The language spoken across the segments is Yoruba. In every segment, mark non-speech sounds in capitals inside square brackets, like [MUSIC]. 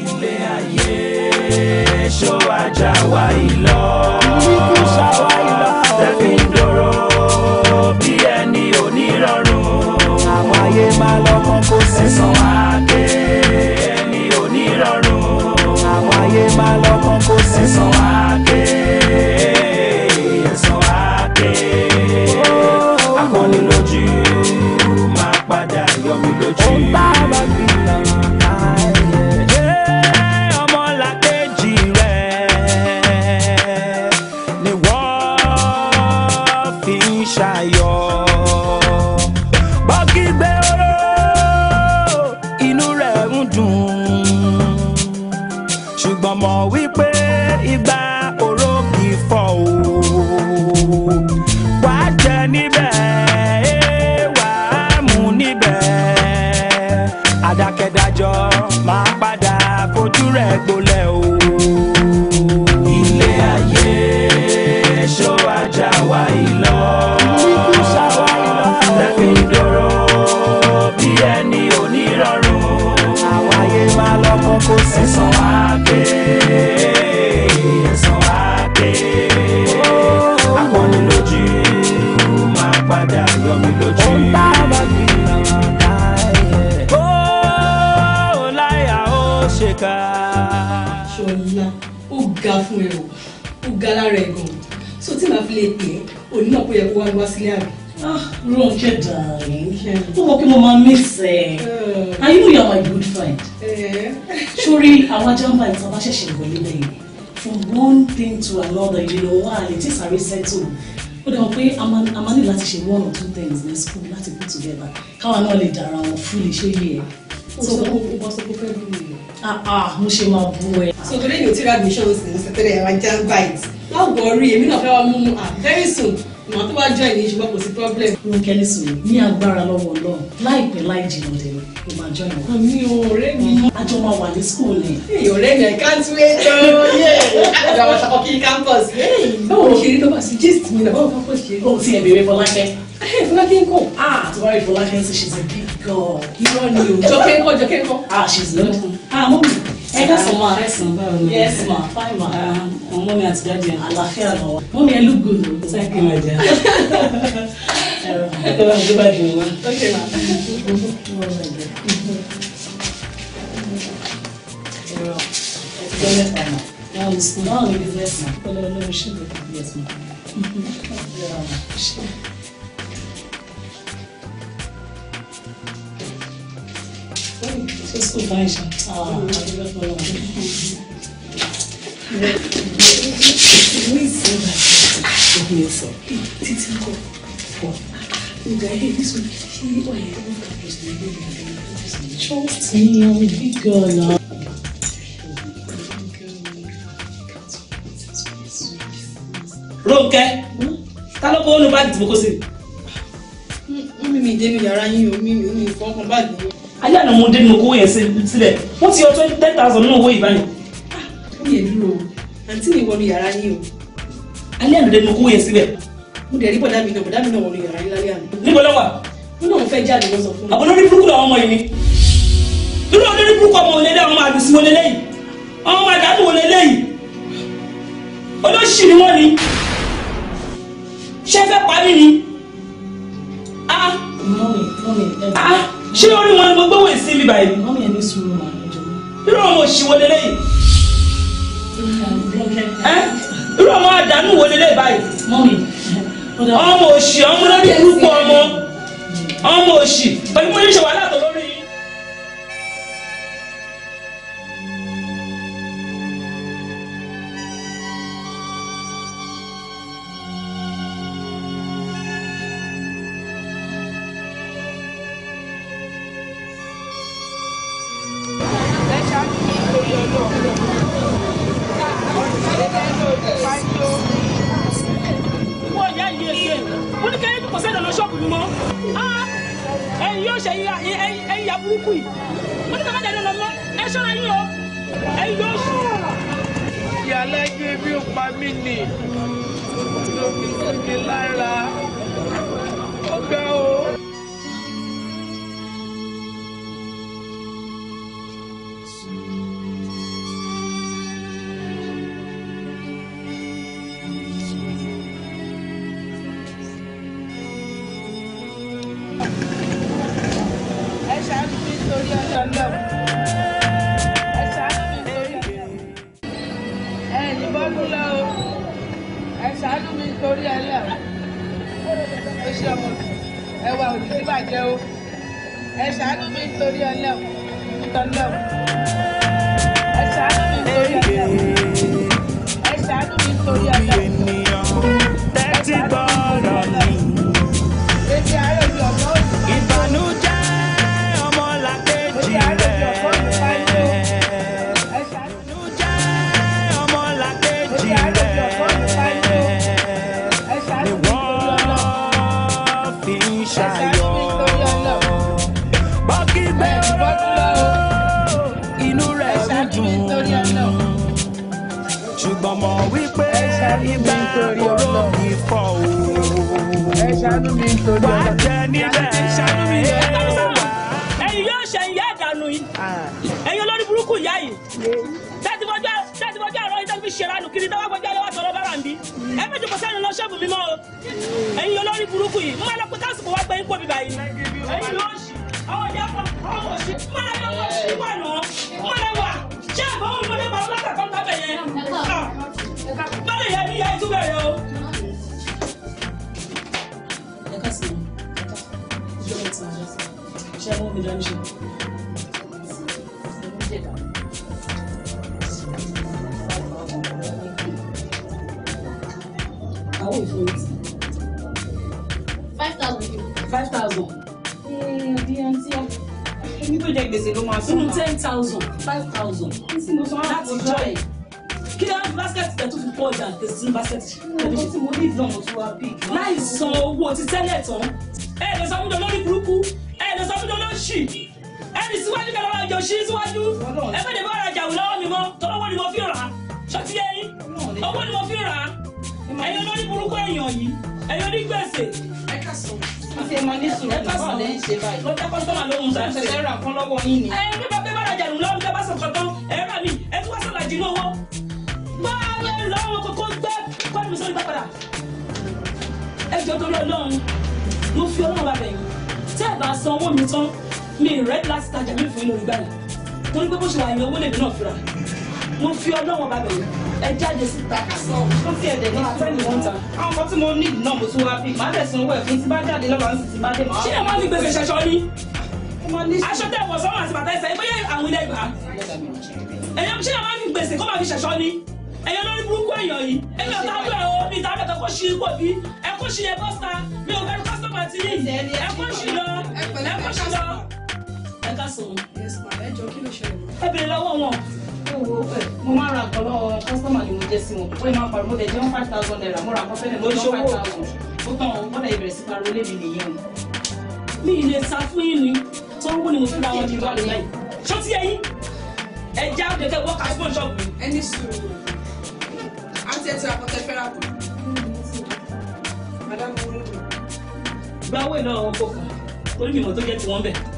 ilé ayé ṣó ajá wa ìlọ. yẹ kó wá wá sílé àbí. Ah, Ronke darling ó mọ̀ pé mo máa miss ẹ eh. and you know you are my good friend. Eh. [LAUGHS] sórí àwọn jàmbá ìtàn bá ṣẹ̀ṣẹ̀ wọlé lẹ́yìn from one thing to another you know wá àlè tí sáré settle ó dẹ̀ wọ́n pé a máa ní láti ṣe one or two things ní school láti put together káwa náà lè dára wọn fún lè ṣe yẹ. o sọ pé o sọ pé fẹ́ bí mi. ah ah mo ṣe máa bú ẹ. so today you take admissions in secretary and jambite no worry èmi náà fẹ́ wá mú mu ah very soon ìwọ̀n tó bá jọ ìní ṣùgbọ́n kò sí problem. Ronke Lisu ní agbára lọ́wọ́ náà láìpẹ́ láì jìnnà dẹ̀rẹ̀ ló máa jọ ìwọ̀n. àmì ọ̀rẹ́ mi. àjọ máa wà ní school ẹ̀. ọ̀rẹ́ mi I can't wait ooo yẹ àjọ àwọn ṣàkókí campus. báwo ni ṣe rí tó bá sí gist mi náà báwo campus ṣe. o ti ẹ̀ bèrè Fọlákẹ́. Fọlákẹ́ ń kọ́. ah tó bá rí Fọlákẹ́ ń sọ she's a big girl. irọ́ ni o. jọkẹ́ ń kọ́ jọkẹ́ ń kọ́. ah she's not. ah mọ́mí ẹ ká sọ máa ẹ sàn báwo ni yes ma fine ma ọmọ mi àti dájú ẹ àlàáfíà lọ wa mọ mi ẹ lùgù lò ó sẹ kí n máa jẹ ẹ bá mi dé bá di ìwọ. ẹrọ ẹgbẹ́ ma ṣé sùn bá ìṣá àdúrà fọlọ́ mi sí ọ̀gá ìṣòro mi sọ títí kọ fọ ọ̀gá ẹ̀ ní sọ ṣé wà á yẹ ọ̀gá ìṣòro mi trust me I'm a big girl now. Rónkẹ́ ta ló kó não báàgì tí mo kó sí. mímì dénú yàrá yín o mímì ò ní ìfọkànbáàgì yín alẹ́ àná mo dé nínú owó yẹn sílẹ̀ wọ́n ti yọ twenty ten thousand nínú owó ìbáyìí. Ah, ó yẹ dúró àǹtí mi wọnú yàrá yín o. alẹ́ àná dé nínú owó yẹn sílẹ̀. mo dẹ̀ rí bọ̀dá mi náà bọ̀dá mi náà wọnú yàrá yín lálẹ́ àná. níbo ló wà. wọn náà fẹ́ jáde lọ́sọ̀ fún mi. àbọ̀ lórí burúkú làwọn ọmọ yìí ni. nínú olórí burúkú ọmọ òlélẹ́ àwọn àdùsí wọlé lẹ́yìn àwọn ọmọ àdánù wọlé lẹ́yìn olóṣì ni wọ́n ni ṣé fẹ́ parí ni. ah mọ́mì mọ́mì ẹ̀ ṣé orí wọn ni mo gbọ́wọ́ sí mi báyìí. wọ́n mi ẹ̀ ní sùúrù màá jọ. irú àwọn òṣì wo leléyìí. irú àwọn àdánù wo leléyìí báyìí. ọmọ òṣì ọmọ lórí orúkọ ọmọ ọmọ òṣì pẹ̀lú mo ní ṣe wàhálà tó lórí. Killa owó ni mo fi rà á ṣọtí ẹyin owó ni mo fi rà á ẹyin olórí burúkú èèyàn yìí ẹyin onígbèsè. ẹ ká sọ ṣe ní sùúrù ẹ bí ẹ rà a lè mo fi ọlọ́wọ́n bá bẹ̀rẹ̀ ẹ jáde síta mo fi ẹ̀dẹ̀ ní àtẹ́lẹ̀ wọn ta àwọn kan tí mo ní ìdùnnà mo tún wá fi màá bẹ̀ sanwó ẹ̀ fún tí bá jáde lọ́wọ́ àti tí bá dé màá. ṣé ẹ máa ní gbèsè ṣẹṣọ ni aṣọ tẹ wọ sọrun àti bàtà ẹsẹ ìgbéyà àwọn ilé ìgbà ẹyẹ ṣé ẹ máa ní gbèsè kó máa fi ṣẹṣọ ni ẹyẹ lórí burúkú èèyàn yìí ẹyẹ ọ̀tá bẹ̀ o mi ìta bẹ̀tẹ̀ kó ṣí ipò bí ẹ kó ṣí ẹ bọ́sà mi ò bẹ̀rù kọ́sọ́mà tí ẹ kó ṣí lọ ẹ kó ṣí lọ ẹ ká sùn. ẹ bèrè lọ́wọ́ wọn mo máa ra nǹkan lọ́wọ́ kọ́sọ́mà ni mo jẹ́ sí wọn wọ́n five thousand naira mo ra mo jẹun five thousand ó tán o wọ́n dẹ̀ ìbẹ̀rẹ̀ sí pariwo lé mi nìyẹn o mi ì lè sa fún yín ni tọ́wọ́ wọ́n ni mo fi ra wọn ní ìwà lọ́yìn ṣọ́tí ẹ̀yìn ẹja gẹ́gẹ́ wọ́n kàṣí fún ṣọ́ọ̀bù. ẹni sùúrù àti ẹtì àpọ̀tẹ́ fẹ́ra kù. madam gbàwé náà wọn kò kà torí mi mọ̀ tó jẹ́ tiwọn bẹ́ẹ̀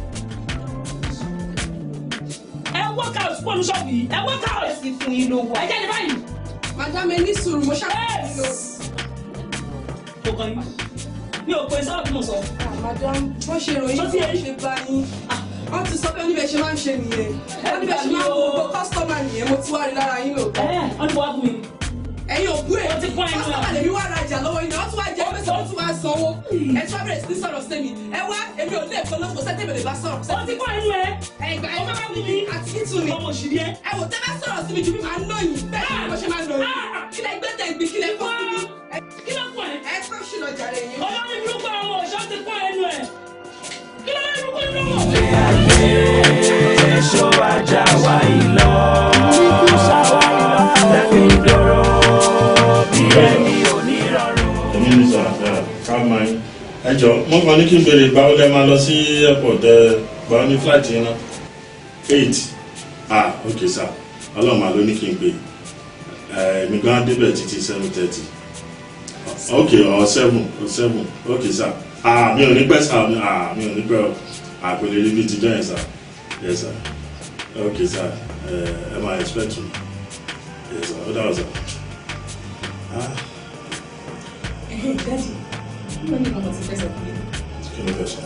work out kúrò ní ṣọ́ọ̀bù yìí ẹ work out. ẹ sì fún yín lówó. ẹ jáde báyìí. madam ẹ ní sùúrù mo ṣàkóso yín lọ. kò kàn yín mi ò pe sọ́ọ̀ bí mo sọ. Ah, madam wọ́n ṣe ìròyìn tó ṣe bá yín ah. wọ́n ti sọ pé oníbẹ̀ ṣe máa ń ṣe nìyẹn oníbẹ̀ ṣe máa ń wo gbogbo kọ́sítọ́mà nìyẹn mo ti wá rí lára yín lóòótọ́. ẹ ọ́n ti wá fún mi ẹ̀yin òbú ẹ̀ kọ́sọ́mà lèmi wà rajà lọ́wọ́ yìí ọ̀tún wá jẹ́ pèsè ọ̀tún wá sanwó ẹ̀ tí wọ́n sí ní sọ̀rọ̀ ẹ wá èmi ò lè polówó kò sẹ́tẹ̀ bá sọ̀rọ̀ sẹ́tẹ̀. ọtí kọ́ inú ẹ ẹgbà ẹ mi ní àti ìtù mi ọmọ òṣìlì ẹ. ẹ wò tẹ́ bá sọ̀rọ̀ sí mi ju mi máa ń lọ yìí ni mo ṣe máa ń lọ yìí ah! kílẹ̀ gbẹ́tẹ̀ gbé kílẹ̀ kọ́ sí mi. kí ló pọ̀ ẹ. ẹ tó ṣì jàre yìí. ọmọ mi ló pa àwọn ọ̀ṣọ́ ti pọ̀ ẹnu ẹ̀ ẹjọ mo kàn ní kí n béèrè ìgbà ọlẹ́ máa lọ sí airport ẹ gba ọ ní flight yẹn náà eight ah ok sir ọlọ́run àlọ́ ní kí n pè é gan débẹ̀ títí seven thirty ok seven seven ok sir ah mi ò ní pẹ́ ah mi ò ní pẹ́ o àpèlè níbi ti jẹ́ yẹn sir yes ok sir ah, ah, ah, eh, ẹ máa expect me yes sir ó dáhùn dájú ló ní ọmọ ti fẹsẹ̀ kúlẹ̀. kí ló fẹsẹ̀.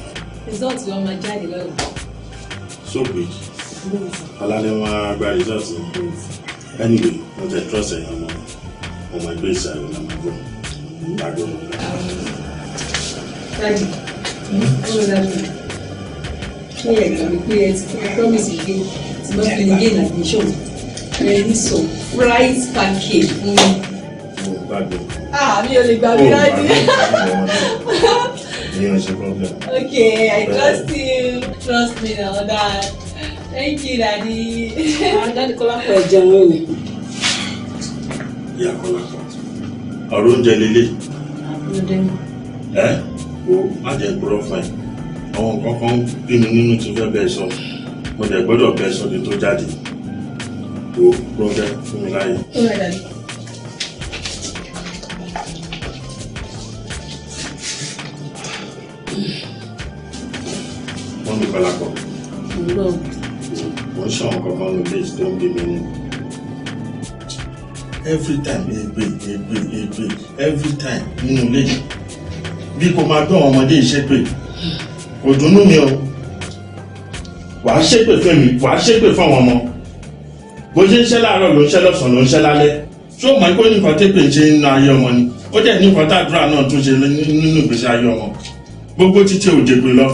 rìsọ́ọ̀tì ọmọ jáde lọ́la. sóògbèjì alálẹ́ wọn á gba rìsọ́ọ̀tì anyway wọ́n tẹ̀ trọ́ọ̀sì ẹ̀yàn ọmọ ọmọ ẹgbẹ́ ìsàlẹ̀ ọ̀nà àgbọ̀ àgbọ̀. dájú ó ń dájú kí ẹ gbàgbé pé ẹ ti fún I promise you. yìí tí bá fi gain admission ẹ ní sọ price package fún mi gbàgbé. ah mi ò lè gbàgbé oh, láti. ìyẹn ò ṣe problem. okay i trust you trust me na ọ̀dà thank you daddy. Ah, dáàdi kọ́lá pọ̀ ẹ̀jẹ̀ wọn ni. ìyá kọ́lá pọ̀ ọ̀rọ̀ oúnjẹ lélẹ̀. àbúrò ẹ wo má jẹ́ gbọ́dọ̀ fà yìí àwọn nǹkan kan bí mi nínú ti fẹ́ bẹ́ẹ̀ sọ mo dẹ̀ gbọ́dọ̀ bẹ́ẹ̀ sọ ní tó jáde wo problem fún mi láàyè. Sunday Balapọ̀. Mo ṣe àwọn kankan ní ilé tó ń bí mi Every time ègbè ègbè ègbè every time nínú ilé yìí. Bí kò máa dún àwọn ọmọdé ìṣépè. Òdùnnú mi o. Wàá ṣépè fún mi, wàá ṣépè fún àwọn ọmọ. Bó ṣe ń ṣẹ́ láàárọ̀ ló ń ṣẹ́ lọ́sàn-án ló ń ṣẹ́ lálẹ́. Ṣé o mọ̀ pé nǹkan tépè ń ṣe nínú ayé ọmọ ni? Ó dẹ̀ ní tàdúrà náà tún ṣe nínú ìgbésí ayé ọmọ. Gbogbo títí òjègbè lọ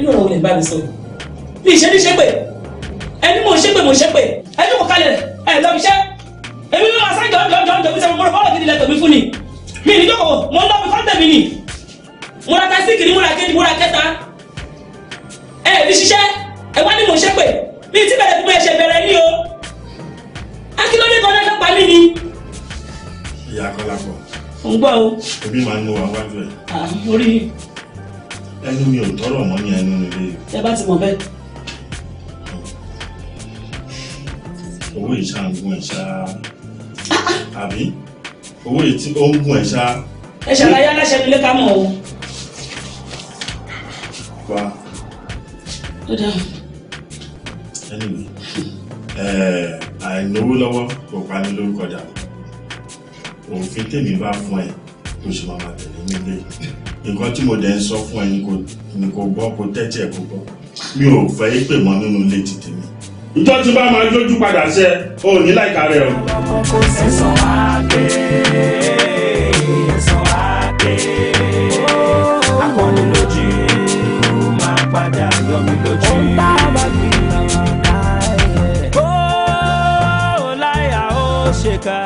irú ọ̀rọ̀ olè ń bá mi sọ mi ìṣe ní ṣépè ẹni mò ń ṣépè mò ń ṣépè ẹni mò kalẹ̀ ẹ lọ fi ṣẹ́ èmi mi máa sá jọ̀ jọ̀ jọ̀ jọ̀ mi sẹ́wọ̀n mo rọ fọ́lọ̀ gidi lẹ́tọ̀ mi fún ni mi ní jókòó mo ń lọ fi fọ́ńtẹ̀ mi ni mo ra tásíkì ni mo ra kejì mo ra kẹta ẹ ẹ fi ṣiṣẹ́ ẹ wá ní mò ń ṣépè mi ti bẹ̀rẹ̀ fún mi bẹ̀rẹ̀ ní o akíndóní kan náà pa mí ni. ìyá akọ́lápọ̀. ń gbọ́ o. ebi máa ń lo àwọn àjọ ẹ̀ ẹnu mi ò tọrọ mọ́ ní ẹnu mi léyìí. ẹ bá ti mọ̀ bẹ́ẹ̀. owó ìṣá ń gún ẹ̀ṣá àbí owó ìtí ó ń gún ẹ̀ṣá. ẹ ṣàlàyé aláṣẹ nílé ká mọ̀ o. wa. ó dáhùn. anyway àìnáwó lọ́wọ́ kò pa ní lórúkọ dà òfin tèmi bá fún ẹ lóṣù máa tẹ̀lé nílé nǹkan tí mo dẹ̀ ń sọ fún ẹ ni kò gbọ́ kó tẹ́tí ẹ̀ kó gbọ́ mi ò fẹ́ é pè mọ́ nínú ilé ti tèmi. ìjọ tí bá máa lójú padà sí ẹ o ò ní láìka rẹ o. kò sẹ́sàn àgbẹ̀ ẹ̀sán àgbẹ̀ akọni lójú máa padà yọ mí lójú. ó bá bá mi lọ láyé. ó láyà ó ṣèkà.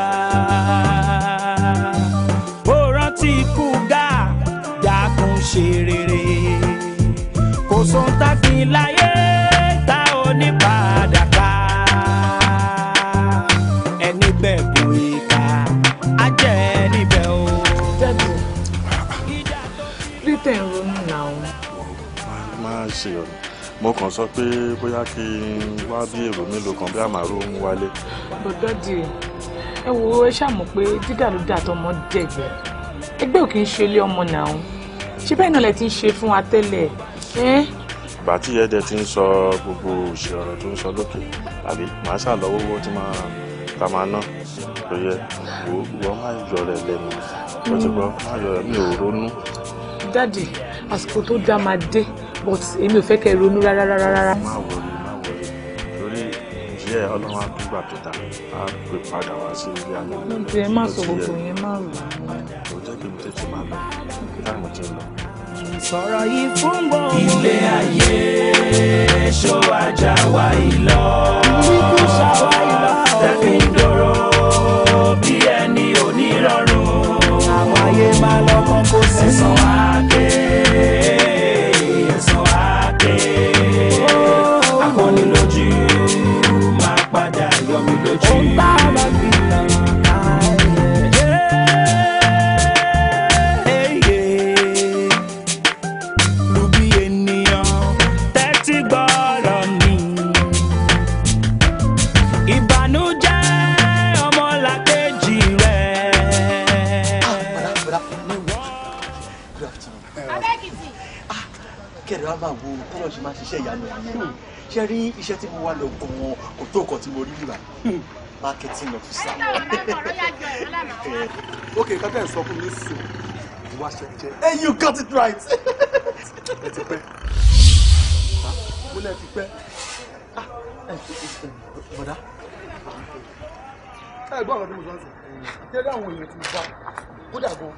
sí o mo kàn sọ pé bóyá kí n wá bí èrò mélòó kan bí àmàrò ń wálé. bọ́dọ̀ ẹ wo ẹ ṣàmọ̀ pé dídàlúdà tọmọ dẹ̀gbẹ́ ẹgbẹ́ ò kì ṣe ilé ọmọ náà ṣé bẹ́ẹ̀ náà lẹ ti ń ṣe fún wa tẹ́lẹ̀ ẹ́ ìgbà tí ti ń sọ gbogbo òṣì ọ̀rọ̀ tó ń sọ lókè àbí màá ṣàlọ́wọ́ owó tí máa ta máa ná tó yẹ wọ́n máa yọ rẹ̀ lẹ́nu wọ́n ti yọ rẹ̀ mi ò ronú. dáàdì àsìkò tó dá máa dé but èmi ò fẹ́ kẹ́ ronú rárá rárá rárá. má wọlé má wọlé torí ìyẹ́ ọlọ́run àdúgbà tó ta á pè padà wá sí ilé ayé. mo ti ẹ má sọ gbogbo yẹn má rò ó. kò kí n tètè máa lọ táìmù ti lọ. sọ̀rọ̀ yìí fún gbogbo. ilé ayé ṣó ajá wa ìlọ ṣàwa ìlọ tẹ́fí ń dòrò bí ẹni onírọ̀rùn. àwọn ayé máa lọ́kàn kó sí sàn wá. ṣe rí iṣẹ́ tí mo wá lọ gan-an kò tó nǹkan tí mo rí nígbà hmm, marketing officer. Eh, ok kábíyà sọ fún mi sí ìwà ṣẹjẹ. hey eh, you got it right. [LAUGHS] ẹ ti pẹ́ ah, mo lẹ́ ti pẹ́ ah, eh, bọ̀dá ẹ gbọ́ ọ̀rọ̀ tí mo sọ ń sìn kí ẹ dáhùn èèyàn ti wá kódà gan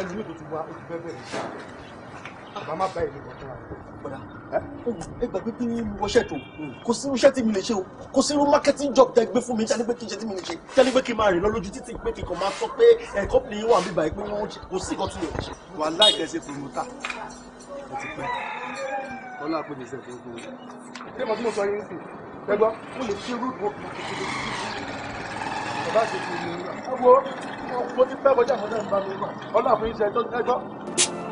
ẹlòmíì tó ti wá ó ti bẹ́ẹ̀ bẹ́ẹ̀ ní sáà bàbá má báyìí lè wọ́n fúnra ẹ gbàgbé bí mo wọṣẹ tó kò sí iṣẹ́ tí mi lè ṣe o kò sí irú marketing job tẹ́ gbé fún mi tẹ́lẹ̀ pé kí n ṣe tí mi lè ṣe tẹ́lẹ̀ pé kí n máa rìn lọ lójú títì pé kí n kàn máa sọ pé ẹ kọ́pìnì yín wà mí báyìí pé wọ́n kò sí nǹkan tí mi lè ṣe. wà á láì kẹsẹ̀ promoter ẹ ti pẹ́ ọlá pé mi ṣe fún un. ṣé mo tún mo sọ yín sí ẹ gbọ́ mo lè ṣe road work marketing bàbá àti ìṣòro mi ẹ wo mo ti fẹ́ kọjá àmọ́ náà ń bá mi wà ọlá fún iṣẹ́ ẹjọ́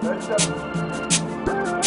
Let's go.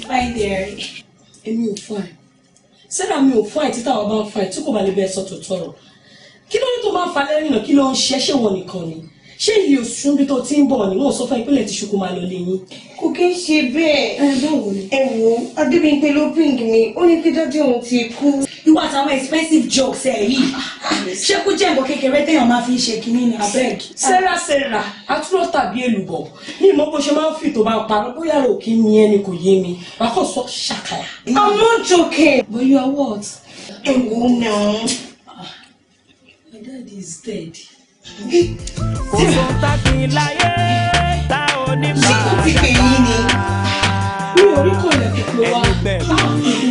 fine dear. èmi ò fine sẹ́dá mi ò fine títà wọn bá ń fine tí kò bá lè bẹ́ẹ̀ sọ tòótọ́ rọ̀ kí ló ní tó bá ń falẹ́ rìnà kí ló ń ṣe ṣé wọn nìkan ni ṣé ìlú òṣùnbí tó ti ń bọ̀ ni wọ́n sọ fún ìpínlẹ̀ tí ṣùkú máa lọ lé yín. kò kí ń ṣe bẹ́ẹ̀ ẹ wo Adébímpé ló píǹgì mi ó ní kí dájú òun ti kú nígbà táwọn expensive jokes ẹ yìí ṣé kú jẹ́ nǹkan kékeré téèyàn máa fi ṣe kínní ni abeg. sarah sarah àtúrò tàbí èlùbọ̀ ní ìmọ̀ bó ṣe máa ń fi tó bá parọ́ bóyá rò kí ni ẹni kò yé mi wà ṣàkàyà. i'm not joking. but you are what. èwo náà. my dad is dead. kò sọ tàbí láyé tá ò ní máa dára. ṣé kò ti pè yín ni mi ò rí kọ̀ọ̀lẹ̀ kò pé wá.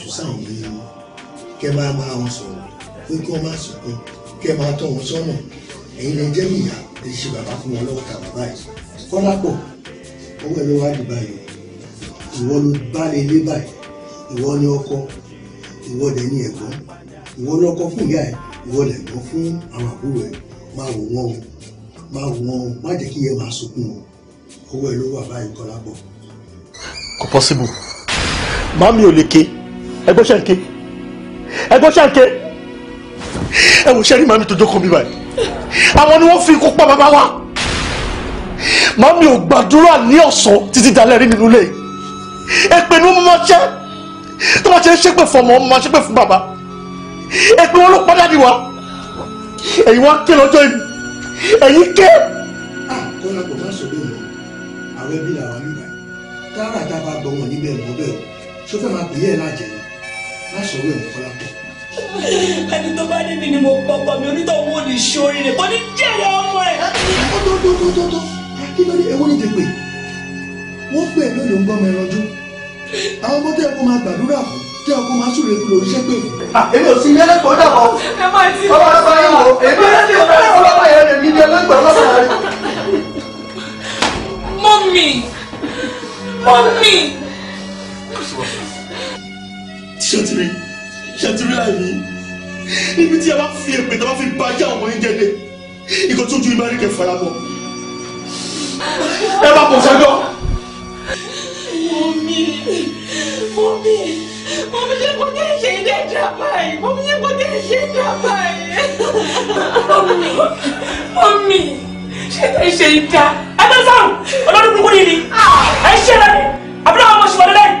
sáwọn òbí wọn a máa bá wọn sọ̀rọ̀ pé kí wọ́n má sunkún kẹ́ máa tọ́ wọn sọ́nà ẹ̀yin lè jẹ́ ìyá lè ṣe bàbá fún wọn lọ́wọ́ tàbí báyìí kọ́lápọ̀ owó ẹ̀ ló wá dùn báyìí ìwọ ló bá lè lé báyìí ìwọ ni ọkọ ìwọ dẹ̀ ní ẹ̀gbọ́n ìwọ lọ́kọ fún ìyá ẹ̀ ìwọ lẹ̀ gbọ́ fún àwọn àbúrò ẹ̀ máa wò wọ́n o máa wò wọ́n o má jẹ́ kí ẹ máa sunkún o owó ẹ̀ ló wà báyìí kọ́lápọ̀. kò pọ́sibù màmí ò lè ké ẹgbọ́n ṣàǹkẹ́ ẹgbọ́n ṣàǹkẹ́ ẹ wò sẹ́ni màmí tó jókòó mi báyìí àwọn ni wọ́n fi ikú pa bàbá wa màmí ò gbàdúrà ní ọ̀sán títí dalẹ́ rí nínú ilé èpè ni wọ́n máa ṣẹ́ tó bá ṣe ń ṣépè fún ọmọ máa ṣépè fún bàbá èpè wọn ló padà dì wá ẹ̀yin wá ké lọ́jọ́ ìlú ẹ̀yin ké. Ah, kọ́lá kò má sọ bẹ́ẹ̀ mọ́ àwọn ẹbí làwọn nígbà tára àtàwọn àgbọ̀wọ̀n níbẹ̀ mọ́ bẹ́ẹ̀ o ṣó fẹ́ máa pè é ẹ̀ lájẹ̀ẹ́ má sọ wíwẹ̀ nǹkan lápò. ẹni tó bá débi ni mo pọpọ mi onítọ̀hún ò ní ṣe oríire kò ní jẹ́rẹ̀ ọmọ ẹ̀. ọ̀tọ̀ọ̀tọ̀ọ̀tọ̀ kí ló dé ewu ní ti pè wọ́n pè lónìí ń gbọ́mọ ẹranjú àwọn ọmọ tẹ́ ẹ kó máa gbàdúrà fún tẹ́ ẹ kó máa súre kúrò iṣẹ́ pè fún. èmi ò sí ilé lẹ́kọ̀ọ́ dàbọ̀ ọmọ ọlọ́pàá yìí wò èmi ò sí ilé ọlọ́pàá yẹn lè mí ní ẹlẹ́gbẹ̀ẹ́ ọlọ́pàá rẹ̀. mọ́mì mọ́mì ṣètìrí ṣètìrí àìní níbi tí a bá fi èpè tí a bá fi bàjẹ́ àwọn oúnjẹ dé ikọ̀ tó ju ibà rí kẹ fara bọ̀ ẹ bá pọ̀ sọ́jọ́. mọ̀mí mọ̀mí mọ̀mí yẹ kó tẹ̀ ṣe ilé ìjàmbá yìí mọ̀mí yẹ kó tẹ̀ ṣe ìjàmbá yìí. mọ̀mí mọ̀mí ṣé tẹ̀ ṣe ìjà. ẹ tẹ́ sọ́run ọlọ́run kúkú yìí ni ẹ ṣe lẹ́nu àbúrò àwọn ọmọ ṣùgbọ́n lẹ́yìn.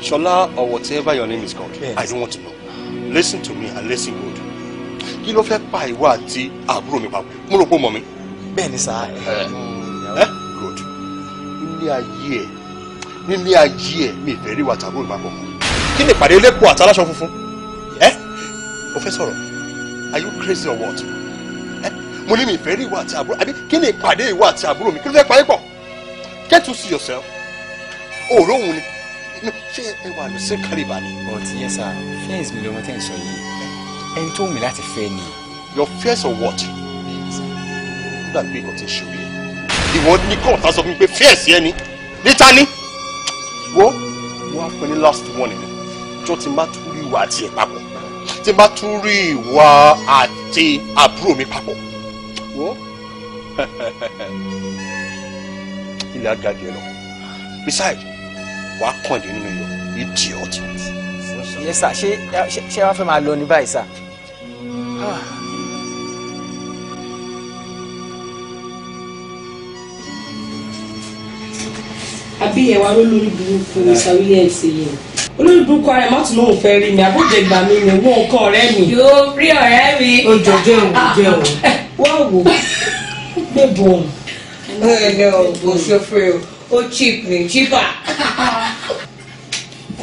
Shola or whatever your name is called. Yes. I don't want to know. Listen to me and listen good. Kí ló fẹ́ pa ìwọ àti àbúrò mi papọ̀? Mo rò pé mọ̀ mi. Bẹ́ẹ̀ni sá. Eh, good. Nílé ayé ẹ̀ nílé ayé ẹ̀ mi ìfẹ́ rí wa tàbúrò mi papọ̀ mọ́. Kí ni ìpàdé elépo àtàláṣọ funfun? Ẹ́ eh, o fẹ́ sọ̀rọ̀? Are you crazy or what? Eh, mo ní mi ìfẹ́ rí ìwọ àti àbúrò àbí kí ni ìpàdé ìwọ àti àbúrò mi? Kí ló fẹ́ pa ẹ̀ pọ̀? Get to see yourself. Òòrùn òun ni ṣé ẹ wà lọ sí kárìbà ni. ọtí yẹn sá fẹ́ǹsì mi ló mọ tẹ́ǹsì yìí ẹni tó wù láti fẹ́ ni. your fears or what? gbàgbé nǹkan tí ń ṣe òye ìwọ ní kóòtù sọ fún mi pé fears yẹn ni níta ni wo wọ́n pè ní last warning tó ti má tún rí ìwà àti ẹ̀ papọ̀ tí má tún rí ìwà àti àbúrò mi papọ̀ wo [LAUGHS] ilé agadi ẹ lọ besides wàá kàn dé nínú yọ idiot. yẹ sà ṣé ṣé wàá fẹ́ máa lọ ní báyìí sà. Ah. àbí ẹ̀wà olórí burúkú Mr Williams yìí olórí burúkú ara ẹ̀ má tún lóun fẹ́ rí mi àbójẹ̀gbà mi ni wọ́n nǹkan ọ̀rẹ́ mi. yóò rí ọ̀rẹ́ mi. ó jọ jẹun jẹun. Ah, ah, wá wò ó gbé bọ̀ ọ̀hún. ẹ ẹ lọ bó ṣe fẹ́ o ó chip ni chipper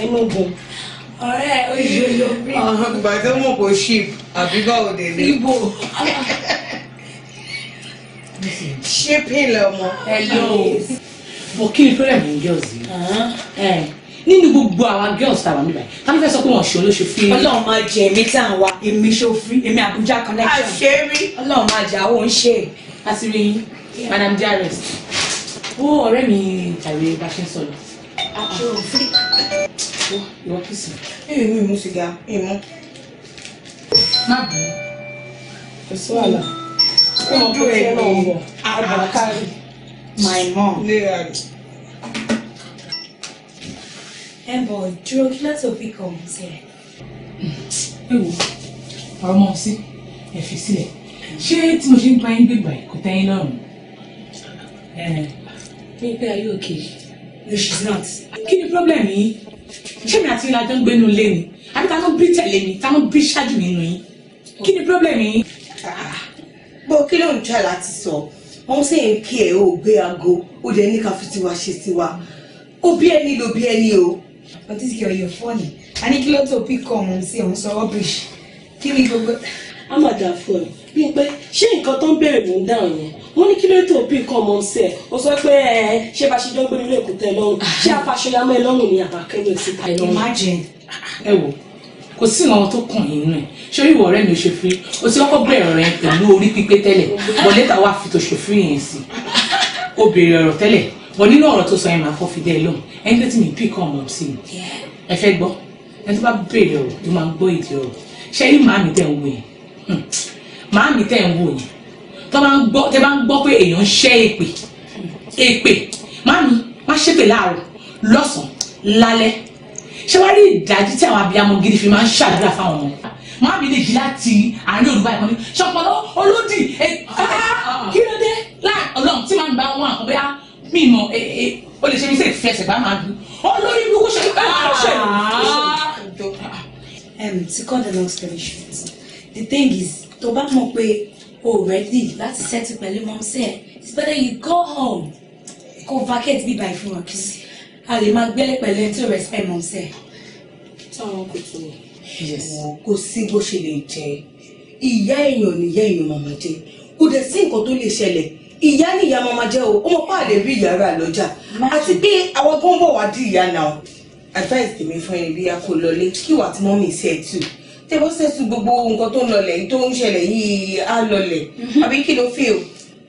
ẹnu gùn. ọ̀rẹ́ oyoyo bí. ìgbà tó mọ̀ kó sheep àbí báwo lè lè. ibo. shipping lọmọ. hello. mo kí ni pẹ́rẹ́ mi ń gẹ́ òsì. nínú gbogbo àwọn girls tàwa níbà yìí ká ló fẹ́ sọ pé wọ́n ṣe olóṣù free. ọlọ́run máa jẹ èmi tá à ń wa èmi ṣe free èmi Àbújá connection. àṣírí. ọlọ́run máa jẹ àwọn òun ṣe. àṣírí madam dearest. ó ọ̀rẹ́ mi tàbí bá ṣe ń sọ̀rọ̀ àti òun fílì. ó ìwọ kì í sìn èyí mú ìmú sìgá ìmú. má bù ú. kò sí wàhálà. ó mọ pé ẹ náà wọ àbàkárì my mom. léra rẹ. ẹ bọ̀ dúró kí láti òfin kan ọ̀hún sí ẹ. ẹ wo àwọn ọmọ sí ẹ fi sílẹ̀ ṣé tí mo ṣe ń pa yín gbégbà kò tẹ́ yín lọ́rùn. ẹ ẹ pé pé ayé òkè yìí no she not kí ni problem yìí ṣé mi àti ilé ajọ́ ń gbénu lé ni àbí táwọn bí tẹ̀lé mi táwọn bí ṣáájú mi nù yín kí ni problem yìí. Ah, bó kí ló ń jà láti sọ wọn sẹ́yìn kí ẹ ò gbé aago ó dẹ ní ká fi tiwa ṣe tiwa ó bí ẹni ló bí ẹni o. but this girl you're funny a ní kí ló tó pick on òun sí òun sọ rubbish kí ni gbogbo. a máa dà fún ẹ bí pé ṣé nǹkan tó ń bẹ̀rẹ̀ mò dáhùn yẹn mo ní kí ló tó bí nǹkan ọmọ sí ẹ o sọ pé ẹ ṣé bá ṣe jọ ń èkúté lọ́rùn ṣé afáṣọyámọ́ ẹ lọ́rùn ni àbákẹ́rù ti pa ẹ imagine ẹ wò kò sí ìwọ̀n tó kàn yín nù ẹ̀ ṣé ìwọ ọ̀rẹ́ mi ò ṣe fi o ti kọ́kọ́ bẹ̀rẹ̀ rẹ pẹ̀lú orí pípé tẹ́lẹ̀ bọ̀ lẹ́tà wà fi tòṣò fi yẹn sí o bèrè ọ̀rọ̀ tẹ́lẹ̀ bọ̀ nínú ọ̀rọ̀ tó sọ yẹn máa kọ́ fi dẹ́ lóhùn ẹni tó ti mi pín kan ọmọ sí mi ẹ fẹ́ gbọ́ ẹni tó bá bèrè ọ̀rọ̀ tó máa gbọ́ ìdí ọ̀rọ̀ ṣé yín màámi tẹ̀ ń wò yẹn hmm. màámi tẹ̀ ń wò yẹn tẹ́ bá ń gbọ́ pé èèyàn ń ṣẹ́ èpè èpè mami má ṣépè láàárọ̀ lọ́sàn-án lálẹ́ ṣé wàá rí ìdájí tí àwọn abiyamọ gidi fi máa ń ṣàdúrà fáwọn ọmọ mami lè jí láti àárín olùbá ìkànnì ṣọpọlọ olódì e, ah, ah, kí ló dé láì Ọlọ́run tí màá ń bá wọn àkọbẹ á mi mọ e, e, o lè ṣe mi sí ìfẹsẹ̀ bá máa dùn olórí burúkú ṣe ká ṣe. tí kọ́ńtà náà ṣe the thing is tó bá mọ̀ pé o ready láti settle pẹ̀lú mọ̀mísí ẹ̀ it's better you go home kó vacate bíbá ìfún wọn kí a lè máa gbélé pẹ̀lú ẹni tó respect mọ̀mísí ẹ̀. táwọn kò tó o kò sí bó ṣe lè jẹ ìyá èèyàn nìyá èèyàn màmá jẹ kò dẹ̀ sí nǹkan tó lè ṣẹlẹ̀ ìyá ni ìyá màmá jẹ o ó mọ pa àlè rí ìyá rà lọ́jà àti pé àwọn tó ń bọ̀ wá di ìyá náà advice tèmi fún ẹni bí a kò lọlé kí wàá tí mọ́mí sí ẹ̀ tù tẹ́bọ́sẹ̀ sùn gbogbo nǹkan tó ń lọlẹ̀ tó ń ṣẹlẹ̀ yìí á lọlẹ̀ mm-hmm. àbí kí ló fẹ́ o.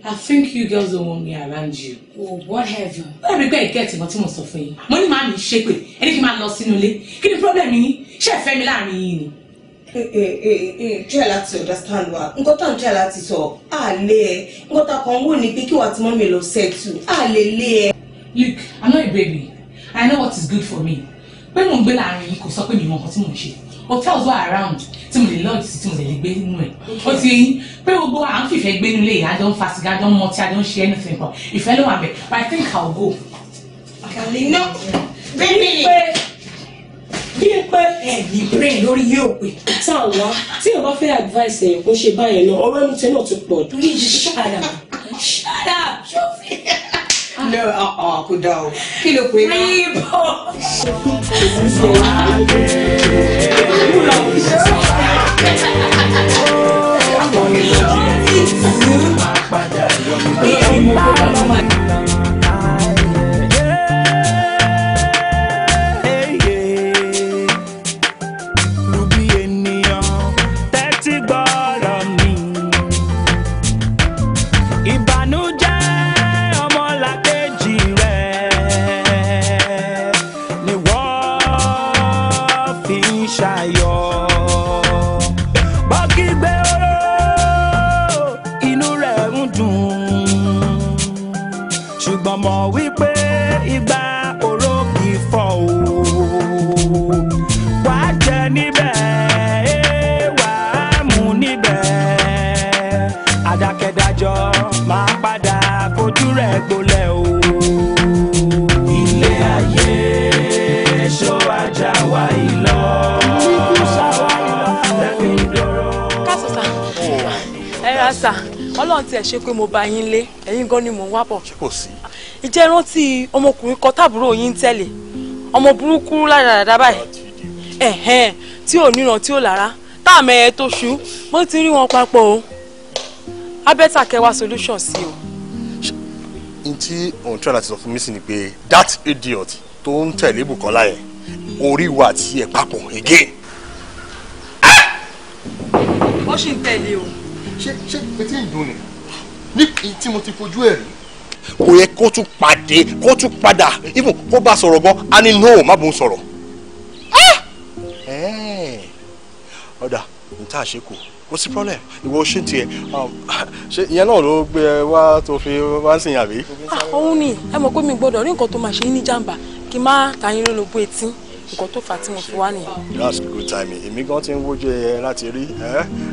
I think you girls don't want me around you. Oh, whatever. Wọ́n rí pé ìkẹ́ẹ̀tì wọn tí mo sọ fún yín. Mo ní màámi ṣépè, ẹni kí n máa lọ sínú ilé. Kí ni problem yín? Ṣé ẹ fẹ́ mi láàrin yín ni? Eh, eh, eh, try láti understand wa nǹkan tá à ń try láti sọ á lé ẹ nǹkan tá a kàn ń wò ní pé kí wàá tí mọ́mí lọ settle á lè lé ẹ. Look, I'm not a baby. I know what is good for me. Pé mò ń gbé láàrin yìí kò sọ pé mi mọ nǹkan tí mò ń ṣe hotels wà around tí mo lè lọ́ọ̀dì sí tí mo lè gbé nínú ẹ̀ ó ti yín pé gbogbo à ń fìfẹ́ gbé nílé àjọ ń fa sìgá àjọ ń mọtí àjọ ń ṣe anything but ìfẹ́ ló wà bẹ̀ but I think I will go. kàlí náà bẹ́ẹ̀ ni bí ẹ pé ẹ̀yìn brain lórí yóò pé. tá a wá tí o bá fẹ́ advice ẹ̀ kó ṣe báyẹn náà ọ̀rọ̀ ẹnu tẹ náà ti pọ̀ jù. please shut up shut up no ọ̀hún kò dá o kí ló pé. bíbọ̀. Thank you. mọ̀ wípé ìgbà oró kì í fọ́ o wàá jẹ níbẹ̀ wàá mú níbẹ̀ àdákẹ́dájọ́ máa padà fojú rẹ̀ gbolẹ̀ o. ilé ayé ṣó ajá wa ìlọ. Oh. ẹ ra sà ọlọ́run tiẹ̀ ṣe pé mo bá yín lé ẹ̀yin gan ni mò ń wá bọ̀. ṣé kò sí ìjẹ́ rántí ọmọkùnrin kan táàbúrò yín tẹ̀lé ọmọ burúkú ládàdàdà báyìí tí ò níran tí ò lára táàmì ẹ̀yẹ tó ṣú mo ti rí wọn papọ̀ o abẹ́tà kẹwàá solution sí o. n tí òun tíra láti sọ fún mi sí ni pé that idiot tó ń tẹ̀lé Bùkọ́lá yẹn orí wa àti ẹ̀ papọ̀ again. ó sì ń tẹ̀lé o. ṣé ṣé etí ń dùn ni ní tí mo ti fojú ẹ̀ rí kò yẹ kó tún pàdé kó tún padà even kó bá sọ̀rọ̀ gan a ní no má bòun sọ̀rọ̀ ah! eh. ọ̀dà n tá a ṣe kù kò sí problem ìwọ ṣì ń tiẹ̀ um, ṣe ìyẹn náà ló gbé ẹ wá tó fi wá ń sìn àbí. Ah, òun ni ẹ mọ̀ pé mi gbọ́dọ̀ rí nǹkan tó máa ṣe ní jàǹbá kí n má ta lólobó etí nǹkan tó fà á tí mo fi wá nìyẹn. that's good timing èmi gan ti ń wojú ẹyẹ láti rí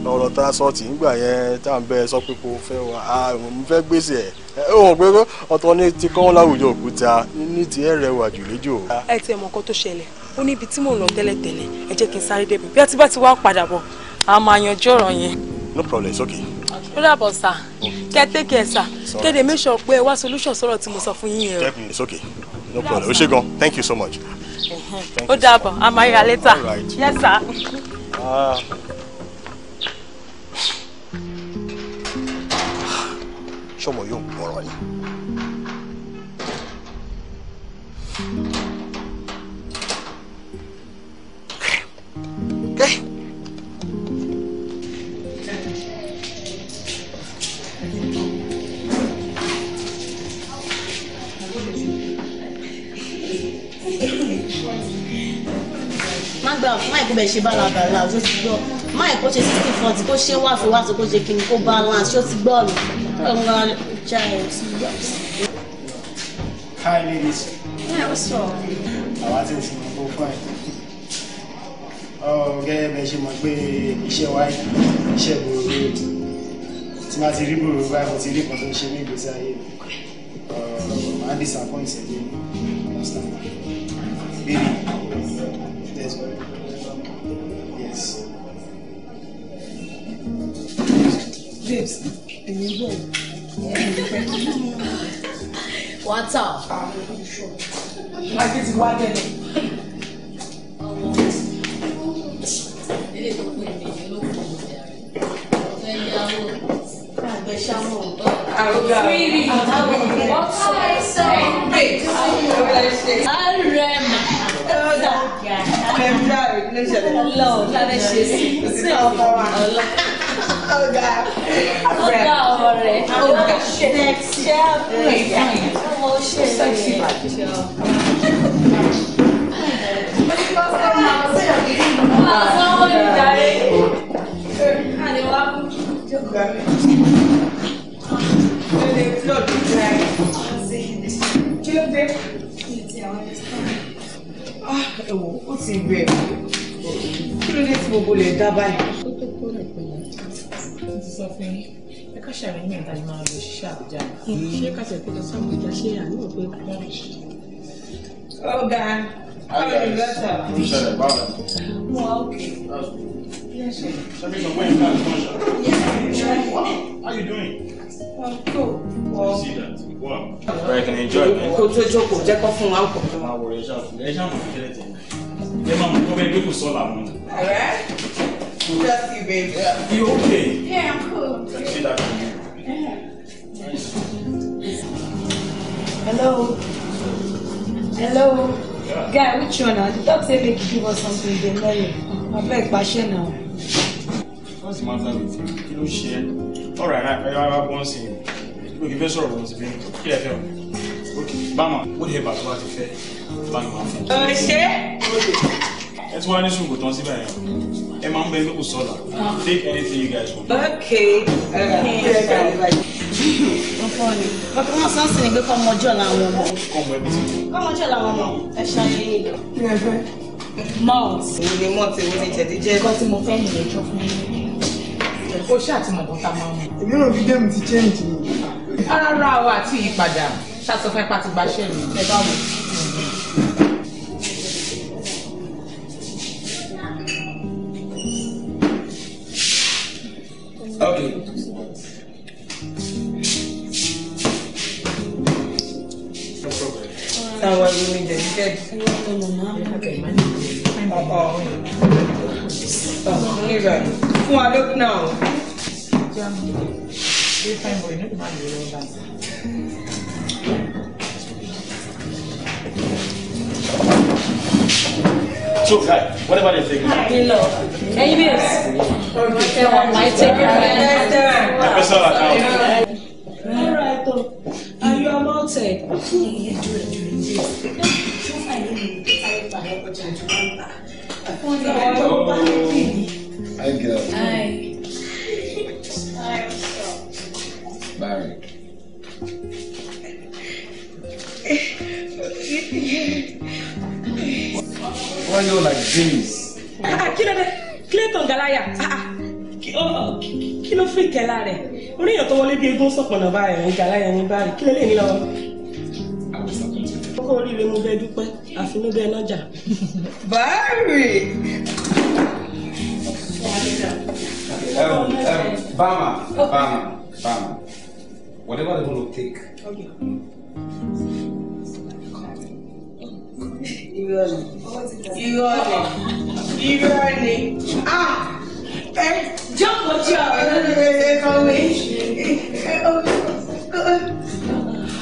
ọ̀rọ̀ transport ńgbà yẹn tá à ń bẹ sọ pé kò fẹ́ wá mo fẹ́ gbèsè ẹ̀ ó hàn pé ọ̀tọ̀ ní ti kọ́ láwùjọ òkúta ní ti ẹ̀ rẹwà jù lójú. ẹ tiẹ̀ mọ̀ nǹkan tó ṣẹlẹ̀ ó ní ibi tí mò ń lọ tẹ́lẹ̀tẹ́lẹ̀ ẹ jẹ́ kí n sáré débi bí a ti bá ti wá padà bọ̀ a máa yanjú ọ̀rọ̀ yẹn. no problem it's okay. ó dàbọ̀ sà kẹ́ tẹ́kẹ̀ kéde make sure pé wá solution sọ̀rọ̀ tí mo sọ fún yín yẹn. it's okay no problem ó ṣe gan thank you so much ó dàbọ̀ a máa yà yes sir. Uh, ah. sọmọ yóò gbọ́rọ̀ ni. Okay. program mike bẹ ṣe bálabàlà ó ti gbọ́ mike kó ṣe sixty forty kó ṣe wá fi wá tó kó ṣe kí ni kó balance ó ti gbọ́ ọ̀nà child. hi ladies. yeah what's up. àwa ti ń sin gbogbo fún ẹ gẹ́gẹ́ bẹ́ẹ̀ ṣe mọ̀ pé iṣẹ́ wa iṣẹ́ gbòòrò tí máa ti rí gbòòrò báyìí mo ti rí nǹkan tó ń ṣe ní ìgbésí ayé mi máa ń disappoint ẹ̀ ní ọ̀sán èmi bò wá tà ọ́. Agbẹ́tí ọ̀gá ọ̀gá ọ̀rẹ́ ọ̀gá sẹ́ẹ̀sì ọ̀gá ọmọ sẹ́ẹ̀sì bàjẹ́ ẹ̀wọ̀n ó ti bẹ̀rẹ̀ kí ló dé tí gbogbo lè dá báyìí sọ fún yín ẹ ká ṣàrẹ́ ní ìdájọ́ máa lọ ṣiṣẹ́ àbújá hmm. ṣé kàṣẹ kó lọ sáwọn ìjà ṣe àánú pé àbúrò. ọ̀gá ọ̀rọ̀ ìlọ́sà. ìṣẹ̀lẹ̀ báwo. mo wá òkè. Yes, sir. That means I'm wearing pants, Marsha. Yes, sir. Wow. How you doing? I'm cool. Well, you see that? Wow. Well, you can enjoy, man. Kò tó jókòó, jẹ́ kó fún wa kò tó. Máa wọlé ṣáà fún mi. Ẹ ṣáà mọ̀ fún kẹ́lẹ́tẹ̀. Ẹ máa mọ̀ kó bẹ́ẹ̀ bí kò sọ́ọ̀lá mọ́. All right. Just you, baby. Yeah. You okay? Yeah, I'm cool. Sit down. Hello. Hello. Yeah. Guy, which one now? The doctor make you give us something, they know you. I beg Bashe now. What's the matter with you? You ló ṣe All right, I have one thing. Look, if you sort of want to be, kí lẹ fẹ́ o? Okay, Bama, what the hell about what you fẹ́? Bama, ma fẹ́. Ọ̀ṣẹ́ ẹ tún wá ní sùn tán síbẹ̀ yẹn ẹ máa ń bẹ nípò sọ́la take anything you guys want. okay uh, ọkọ ni ọkọ wọn sọ sí ni pé kọ́ ọmọjọ́ làwọn ọmọ. kọ́ ọmọ làwọn ọmọ ẹ ṣàlàyé lọ. malt. èmi ni malt èmi ni jẹ̀díjẹ́. nǹkan tí mo fẹ́ nìyẹn jọ fún mi. o ṣàtìmọ̀ bọ́tà máa mú. èmi náà fi dẹ́mu ti change mi. rárá o àti ìyípadà ṣàtọ̀fẹ́ pàtìgbàṣẹ́ mi ẹ bá wò. fún wa lókun So, guy, what about the thing? Hello. Hey, miss. Okay, one might take your hand. Professor, I All right, though. Are you a it? do it, do it. Don't find àwọn ọkọ̀ tí ojú máa ń ta. Wọ́n ní ọjọ́ bá ń Why you like this? Ah, kí ló dé? Clayton Galaya. Kí ló fi kẹ́lá rẹ̀? Orí èèyàn tó wọlé bí egun sọ̀pọ̀nà báyìí, Galaya ní Barry. Kí ló lè kó oríire mo bẹ dúpẹ́ àfinúbẹ lọ́jà. báàrì. Um, um, bama bama bama whatever they want to take. Okay. irọ́ ni irọ́ ni irọ́ ni ah ẹ jọ́pọ̀ tí ọ̀rọ̀ lórí ẹ̀ kọ́wé.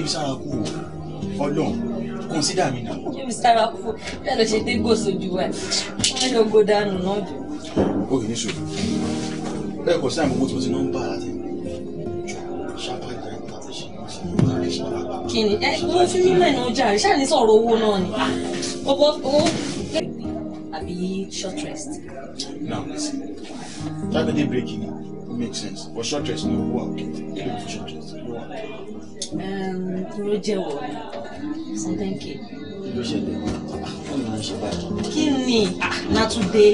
ṣé mi sára kú o ọlọ́run consider mi náà. ṣé mi sára kú bẹ́ẹ̀ ló ṣe dé gòsò jù wá wọ́n lọ go dànù náà jù. ó kì í bẹ́ẹ̀ kò sáà gbogbo tí mo ti náà ń bá àti kí ẹ mo fi mímọ ẹnu jàre ṣáà ní sọ̀rọ̀ owó náà ni owó owó àbí short rest. now saturday break ni make sense but short rest no go out get short rest no go out. Um, ló jẹ́ wọ̀ sẹ́ńtẹ́ǹkì. ló ṣẹlẹ̀ wọ́n máa ń ṣe báyìí. kí ni Nàtúndé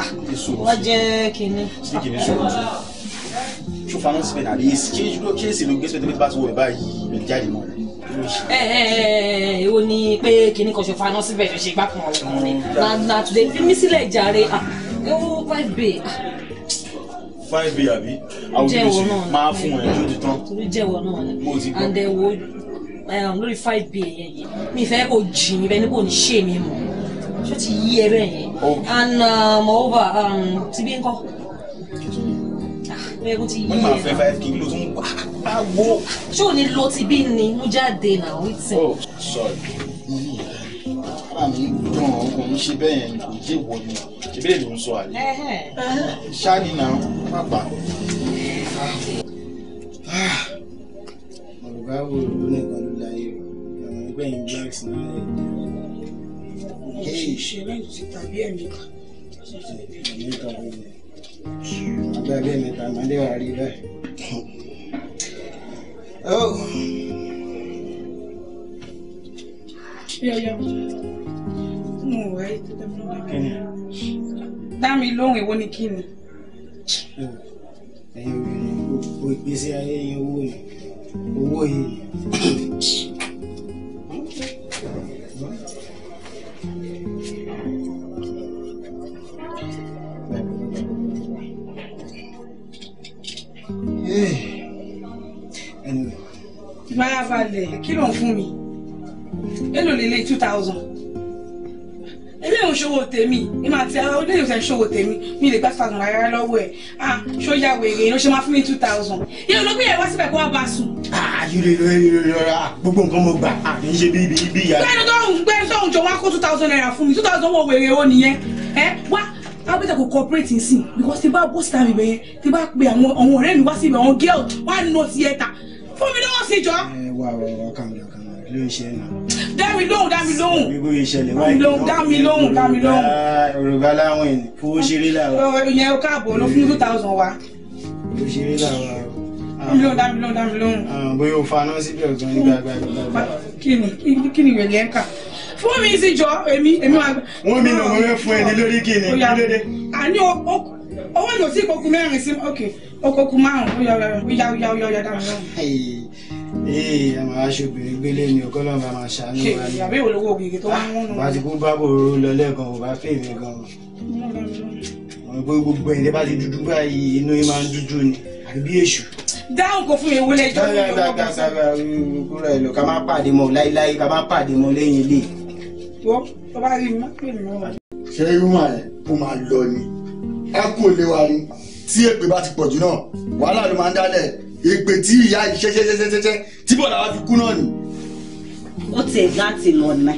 ah, ah, ah, wọ́n jẹ́ kínní. ṣé kínní sọ̀rọ̀ tó ṣùfà náà síbẹ̀ nàbí ṣé ṣé ló gbé síbẹ̀ tó bá ti wọ ẹ̀ báyìí lè jáde mọ́ ẹ ẹ ẹ èwo ni pé kinní kan ṣòfò aná síbẹ̀ ṣe gbàkùn ọ̀rọ̀ kan ni Nàtúndé mm, fi mí sílẹ̀ jàre ó wáìbè oh, five years àbí àwùjọ máa fún ẹ lójú tán. torí jẹ́wọ́ náà ni and then wo um, lórí five b yẹn yẹn mi fẹ́ kó jìn bẹ́ẹ̀ ni kò ní ṣe mi mọ̀ ṣé ti yí ẹ bẹ́ẹ̀ yẹn oh. and uh, moreover um, ti bí nǹkan ah, bẹ́ẹ̀ kó ti yí ẹ náà. wọ́n máa fẹ́ five kí ló tún wá. ṣé o ní lo ti bí ni mú jáde náà wí tì. oh sorry mi dùn ọ́n kò ń ṣe bẹ́ẹ̀ yẹn kò jẹ́ ni ìbéèrè ló ń sọ àlè. ṣáàni náà má bà. ọ̀gá wo ló nìkan ló láyé o ẹ̀wọ̀n ẹgbẹ́ yìí blacks náà ẹ̀ dẹ̀. ṣe láti ti tàbí ẹ̀mí kan. ẹ̀mí kan ló yẹ. abẹ́ abẹ́ mi ta màá lè wà rí bẹ́ẹ̀. Yeah, yeah mo wá yìí tó tẹ́ fún mi. dá mi lóhùn èwo ni kí ni. ẹ̀yin obìnrin gbogbo ìgbésí ayé yín owó ni owó yìí. Máa balẹ̀ kí ló ń fún mi? Èló lè two thousand ò ṣòwò tèmi ìmọ̀ àti àwọn olóyè òsè ṣòwò tèmi mi lè gbà fàgùn rárá lọ́wọ́ ẹ̀ ah ṣóyà wèrè ló ṣe máa fún mi two thousand yóò ló gbìyànjú wá síbẹ̀ kó wá bá a sùn. àyùrè rẹ rọra gbogbo nǹkan mo gbà àbí ah, ṣe bí ibi ìyá. gbẹ́ni tó ń gbẹ́ni tó ń jọ wá kó two thousand naira fún mi two thousand wọ wèrè ó nìyẹn ẹ wá abẹ́tẹ̀ kò cooperate n sìn because ti bá bó síta mi bẹ̀yẹn ti bá pe àwọn àwọn ọ̀rẹ́ mi wá sí ibẹ̀ àwọn girl wá nù ọtí ẹ̀ta fún mi lọ́wọ́ sí jọ. ẹ wá wá wá kàmìlà kàmìlà kí ló ń ṣe é náà mi lóhùn dá mi lóhùn. gbogbo ìṣẹ̀lẹ̀ wáyé kí lóhùn dá mi lóhùn dá mi lóhùn. òrùka ah, láwọn ẹni fowó ṣeré làwọn. ìyẹn o káàbọ̀ ló fún two thousand wa. fowó ṣeré làwọn ẹ̀ lóhùn dá mi lóhùn dá mi lóhùn. bóyá o fa náà síbi ọ̀gbọ́n nígbà gbàgbà. kí ni kí ni ìwé yẹn kà fún mi sí jọ èmi èmi wa. wọn mi náà wọn yẹ fún ẹni lórí kí ni kílódé. àní owó yóò sí ìkókù mẹ́rin sí ok okòkù márùn-ún ó yà ó yà ó yà ee eh, a máa ṣobìnrin gbélé ni ọgọ́lọ́run bá máa wa ni àbí olówó gègé tó ń múnú. bá ti kú bá bòrò lọ lẹ́ẹ̀kan bá fẹ́ mi gan. wọn gbé gbogbo ẹ̀yìn bá ti dúdú báyìí inú yín máa ń dúdú ni àbí bí èṣù. dáhùn kò fún mi wọlé ẹjọ́ mi ò lọ́gbà sí. kúrò ẹ̀ lọ ká má pàdé mọ́ láíláí ká má pàdé mọ́ lẹ́yìn ilé. wọ́n tó bá rí mi má pè èpè tí ìyá ìṣẹ́ṣẹ́ṣẹ́ṣẹ́ tí bọ̀dà wa fi kú náà nì. ó ti ẹ̀gá ti lọ nà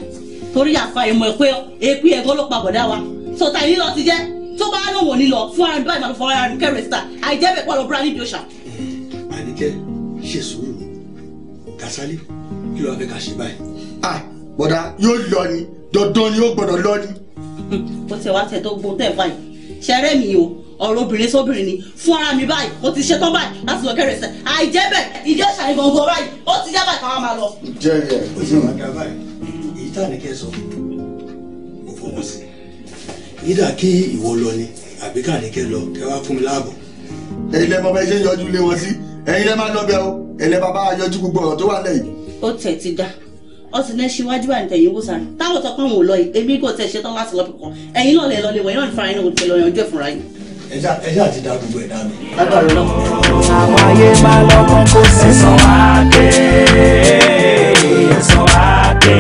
torí àfa ìmọ̀ ẹ̀ pé èpè ẹ̀gọ́ ló pa bọ̀dà wa sọ̀tà yìí lọ ti jẹ́ tó bá lò wò ní lọ fún ara báyìí máa fọ ara rẹ kẹrẹ síta àìjẹ́ bẹ̀ pọ̀ lọ búra níbi òṣà. Eh, àníkẹ́ ṣe sùúrù Kasali kí ló wá fẹ́ ká ṣe báyìí. à ah, bọ̀dà yóò lọ ni dandan ni ó gbọ́dọ̀ lọ ni. bó ti wá tẹ tó gbóhùn tẹ̀ báyìí ṣẹ́rẹ́ mi o ọ̀rọ̀ obìnrin sóbìnrin ni fún ara mi báyìí mo ti ṣetán báyìí láti lọ kẹrẹsẹ̀ àìjẹ́ bẹ́ẹ̀ ìdí ẹ̀ṣà ìgbọ̀ngàn báyìí ó ti jẹ́ báyìí káwọn máa lọ. jẹ́ ẹ̀ ó sì máa ga báyìí èyí tá à ní kẹ́ sọ kò fọwọ́ sí yídà kí ìwọ lọ ni àbí ká ní kẹ́ lọ kẹ́ wá fún mi láàbọ̀. ẹ̀yin lẹ mọ bẹ ṣe ń yọjú lé wọn sí ẹ̀yin lẹ máa lọ o ẹlẹ bàbá yọjú gbogbo ọ̀rọ̀ tó wà lẹ́yìn. ó tẹ̀ ti dá ọtí náà ṣíwájú àǹtẹ̀ yìí wò sáré táwọn tọkàn wò lọ yìí èmi kò tẹ̀ ṣetán láti lọ pẹ̀kọ́ ẹ̀yin náà lè lọ lè wọ̀ ẹ̀yin náà ní fara yín náà kò lọ yanjú ẹ̀ fúnra yìí ẹja àti dá gbogbo ẹ̀ dànù. àwọn ayé má lọ́gbọ́n kó sí. ẹ̀sán àdé ẹ̀sán àdé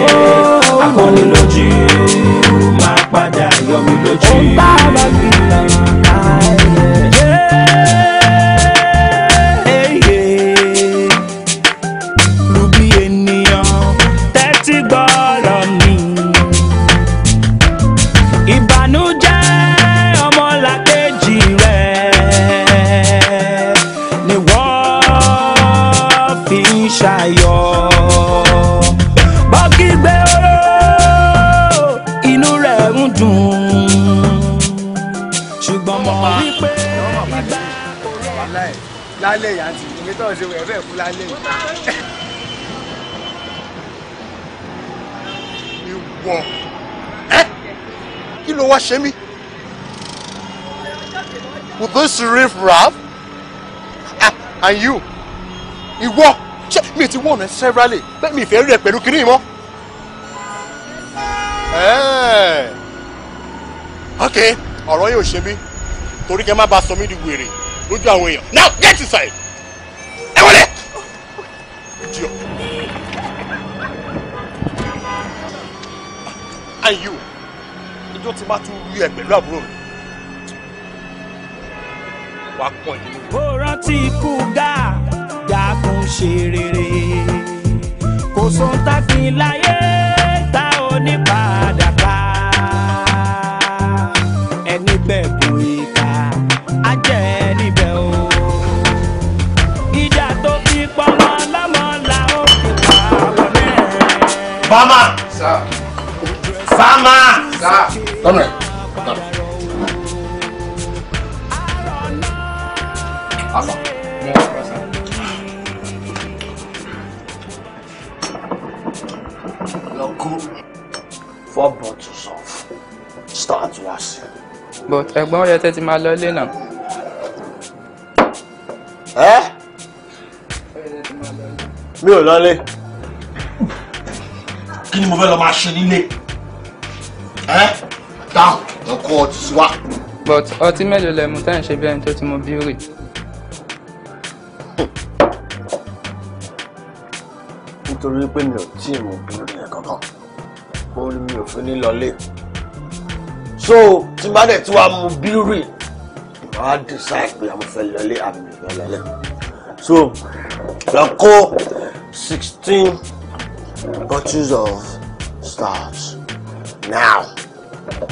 oh, oh, oh. akọni lójú máa padà yọ mí lójú. ó bá a bá fi. lálẹ́ yìí àǹtí ìyẹn tó ń ṣe wẹ̀ bẹ́ẹ̀ kú lálẹ́ yìí. ìwọ ẹ kí ló wá ṣe mí with this riff raff ah, and you ìwọ ṣe mi ti wọ̀nà severally bẹ́ẹ̀ mi ìfẹ́ rẹ̀ pẹ̀lú kiri mọ́. ok ọ̀rọ̀ yóò ṣe mí torí kẹ́ má ba sọ mí di wèrè lójú àwọn èèyàn now get inside ẹ wọlé. and you ìjọ tí má tún rí ẹ pẹ̀lú àbúrò mi wàá pọ̀ nínú. ó rántí ikú gá dàgùn ṣe rere kò sóhun láyé tá ò ní padà. Bama. Sir. Bama. Sir. Come here. Come here. Bama. Lọ́kọ́ four bottles of start wasi. But ẹ̀gbọ́n ọ̀yẹ́ tẹ́ ti máa lọ ilé náà. Ẹ́ mi ò lọ kí ni mo fẹ́ lọ máa ṣe nílé ẹ dáhùn ọkọ ọtí sí wa. but ọtí mélòó lẹ mú táyà ṣe bí ẹni tó ti mọ bíórì. nítorí pé mi ò tí ì mọ bíórì yẹn kankan ó ní mi ò fi ní lọlé so tí bá dẹ̀ tí wàá mú bíórì wàá decide pé àwọn fẹ́ lọlé àbí mi fẹ́ lọlé so lọ kó sixteen bottles of stars. now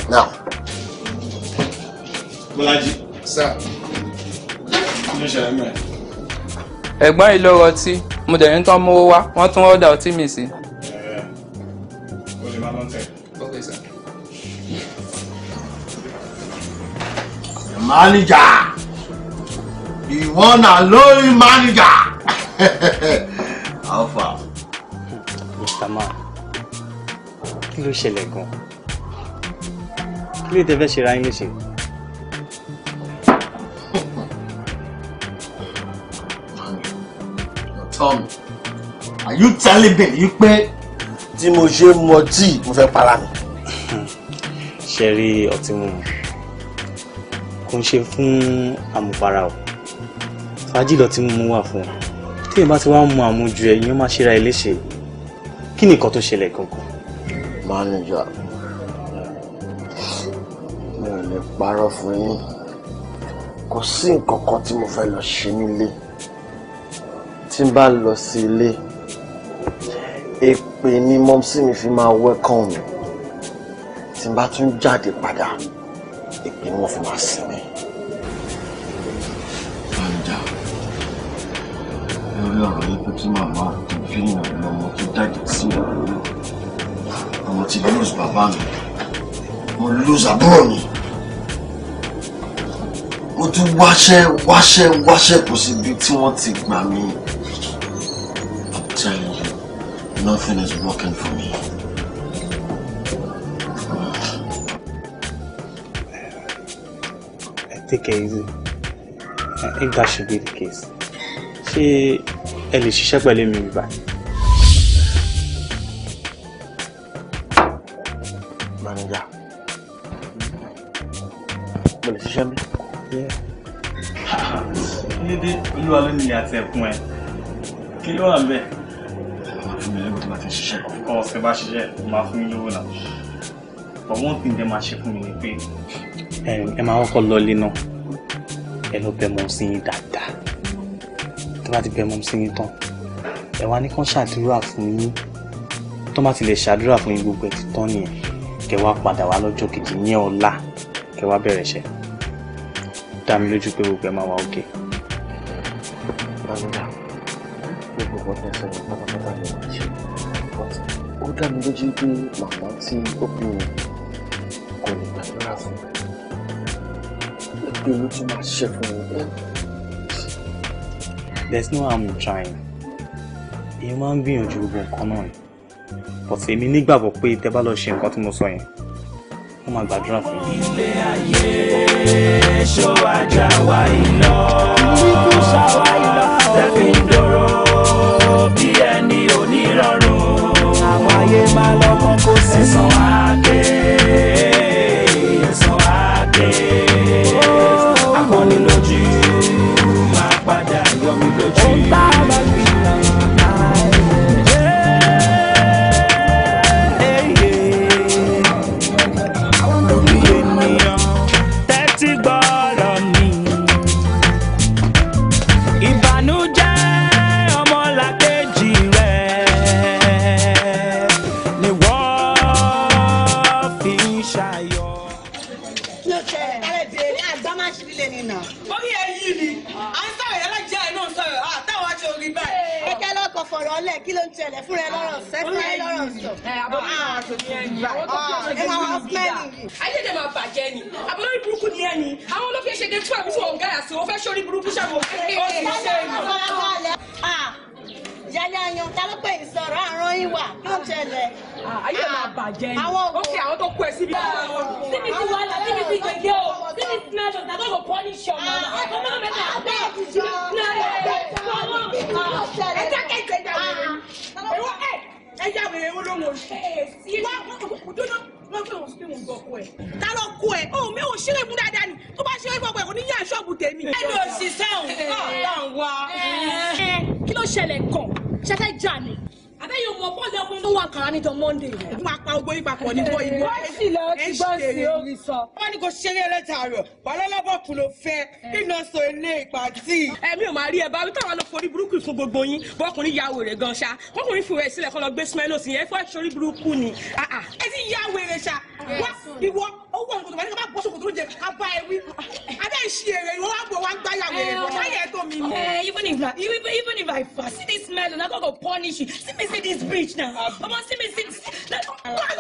now. Bọ́lájí. Sir. Kí ló ṣẹlẹ̀ mẹ́rin? Ẹ̀gbọ́n yìí ló rọtí, mo dẹ̀ ní tán mówó wá, wọ́n tún ọ̀dà ọtí mi sí. The manager, the one and only manager. [LAUGHS] kí ló ṣẹlẹ̀ gan kí ló tẹ́ fẹ́ ṣe ra yín léṣe. Tom, are you telling me yìí pé tí mo ṣe ń mọ tíì mo fẹ́ para mi. ṣe rí ọtí mímu kò ń ṣe fún àmupara o fàájì lọtí mímu wà fún un tí èèyàn bá ti wá ń mu àmujù ẹ ìyẹn máa ṣe mánìjà mi ò lè parọ́ fún yín kò sí nǹkan kan tí mo fẹ́ lọ ṣe nílé tí n bá lọ sí ilé èpè ni mọ́mísí mi fi máa welcome mi tí n bá tún jáde padà èpè ni wọ́n fi máa sìn mi. mánìjà lórí ọ̀rọ̀ yìí pé kí màmá tó bí ọmọ tó jáde sí ìrìn àjò mo ti lose bàbá mi mo lose àbúrò mi mo tún wáṣẹ́ wáṣẹ́ wáṣẹ́ kò sí ibi tí wọ́n ti gbà mí I'm telling you nothing is working for me. Take it easy. If that should be the case, ṣé ẹ lè ṣiṣẹ́ pẹ̀lú mi báyìí? manager mo lè ṣiṣẹ́ mi. nídé olúwa ló ní ìyá tẹ fún ẹ kí ló wà bẹ́ẹ̀. fún mi lẹ́gbẹ̀ẹ́ láti ṣiṣẹ́. ọkọ ọ̀sẹ̀ bá ṣiṣẹ́ máa fún mi lówó náà but one thing dem máa ṣe fún mi ni pé. ẹ máa kọ́kọ́ lọlé náà ẹ lọ bẹ̀ mọ́ sí yín dáadáa tó bá ti bẹ̀ mọ́ sí yín tán ẹ wá ní kán ṣàdúrà fún yín tó bá ti lè ṣàdúrà fún yín gbogbo ẹ̀ ti tán nìyẹn kẹ wá padà wá lọ́jọ́ kejì ní ọ̀la kẹ wá bẹ̀rẹ̀ iṣẹ́ dá mi lójú pé gbogbo ẹ máa wá òkè. ó dá mi lójú pé màmá tí ó bí mi kò lè gbàdúrà fún mi pé owó tún máa ṣe fún mi. there's no harm in trying èèyàn máa ń gbìyànjú gbogbo nǹkan náà ni but èmi nígbàgbọ́ pé tẹ́ bá lọ ṣe nǹkan tí mo sọ yẹn wọ́n máa gbàdúrà fún yín. ilé ayé ṣó ajá wa iná ṣá bí ẹni onírọ̀rùn àwọn ayé máa lọ́kàn kó sí. ẹ̀sán àgbẹ̀ ẹ̀sán àgbẹ̀. dé fún àbí fún ọ̀gá àti òun fẹ́ sórí burúkú ṣàwọn òkèèrè ó ti ṣe é yálé ayan ta ló pè é sọ̀rọ̀ àrùn yín wà ló ń ṣẹlẹ̀. ayé máa bàjẹ́ ni ó kí àwọn tó kú ẹ síbi. síbi ti wà lá síbi ti gègé o síbi ti náà dọ̀tà tó kò pọ́ ní ṣọ̀ mọ́ ọmọ náà mẹ́ta àgbẹ̀ náà rẹ̀ ọmọ ẹ jákè ìtẹ̀jà wẹ̀rẹ̀ ẹ̀wọ́ ẹ̀ ẹ̀ yá wẹ̀rẹ̀ ẹ̀wọ́ ló ń wọ̀ ẹ̀ sí wọ́n kò dúró wọ́n fẹ́ wọ́n sí wọn gbọ́ kú ẹ̀. ta ló kú ẹ o mi ò ṣeré mú dáadáa ni tó ṣe gbogbo ẹ̀kọ́ níyà ṣọ́ọ̀bù tèmi. ẹ lọ ṣiṣẹ́ òun náà wá. ẹ kí ló ṣẹlẹ̀ kàn ṣẹfẹ́ jà ni abẹ́ yóò mọ bọ́ọ̀lù ọkùnrin tó wà kàrá níjọ monday rẹ̀. máa pa ogbó yín ní bọ́ ìbò. wọ́n lọ ti gbọ́ sí orí sọ. wọ́n ní kò ṣeré ẹlẹ́ta rẹ̀ wàlọ́lọ́bọ̀ kù ló fẹ́ iná sọ ilé ìpàtì. ẹ̀mí ò máa rí ẹ bá wí táwọn lọ forí burúkú fún gbogbo yín bọ́kùnrin ya wèrè gan ṣá kọkùnrin fi rẹ̀ sílẹ̀ kọ́ lọ gbé smellos yẹn fọ́ sórí burúkú ni. Ah, ah. ẹ ti ya wèrè ṣá wá ìwọ ó wọ nǹkan ní ká bá bọ́ sókòtò oúnjẹ ká bá ẹ wí. abẹ́ ń èrè ìwọ wá gbọ́ wá ń gbá yàwó bọ̀ táyà ẹ̀ tó mi ni. even eh, if like even, if I fast see this melon I go punish you see me see this bridge now omo see me see this. See my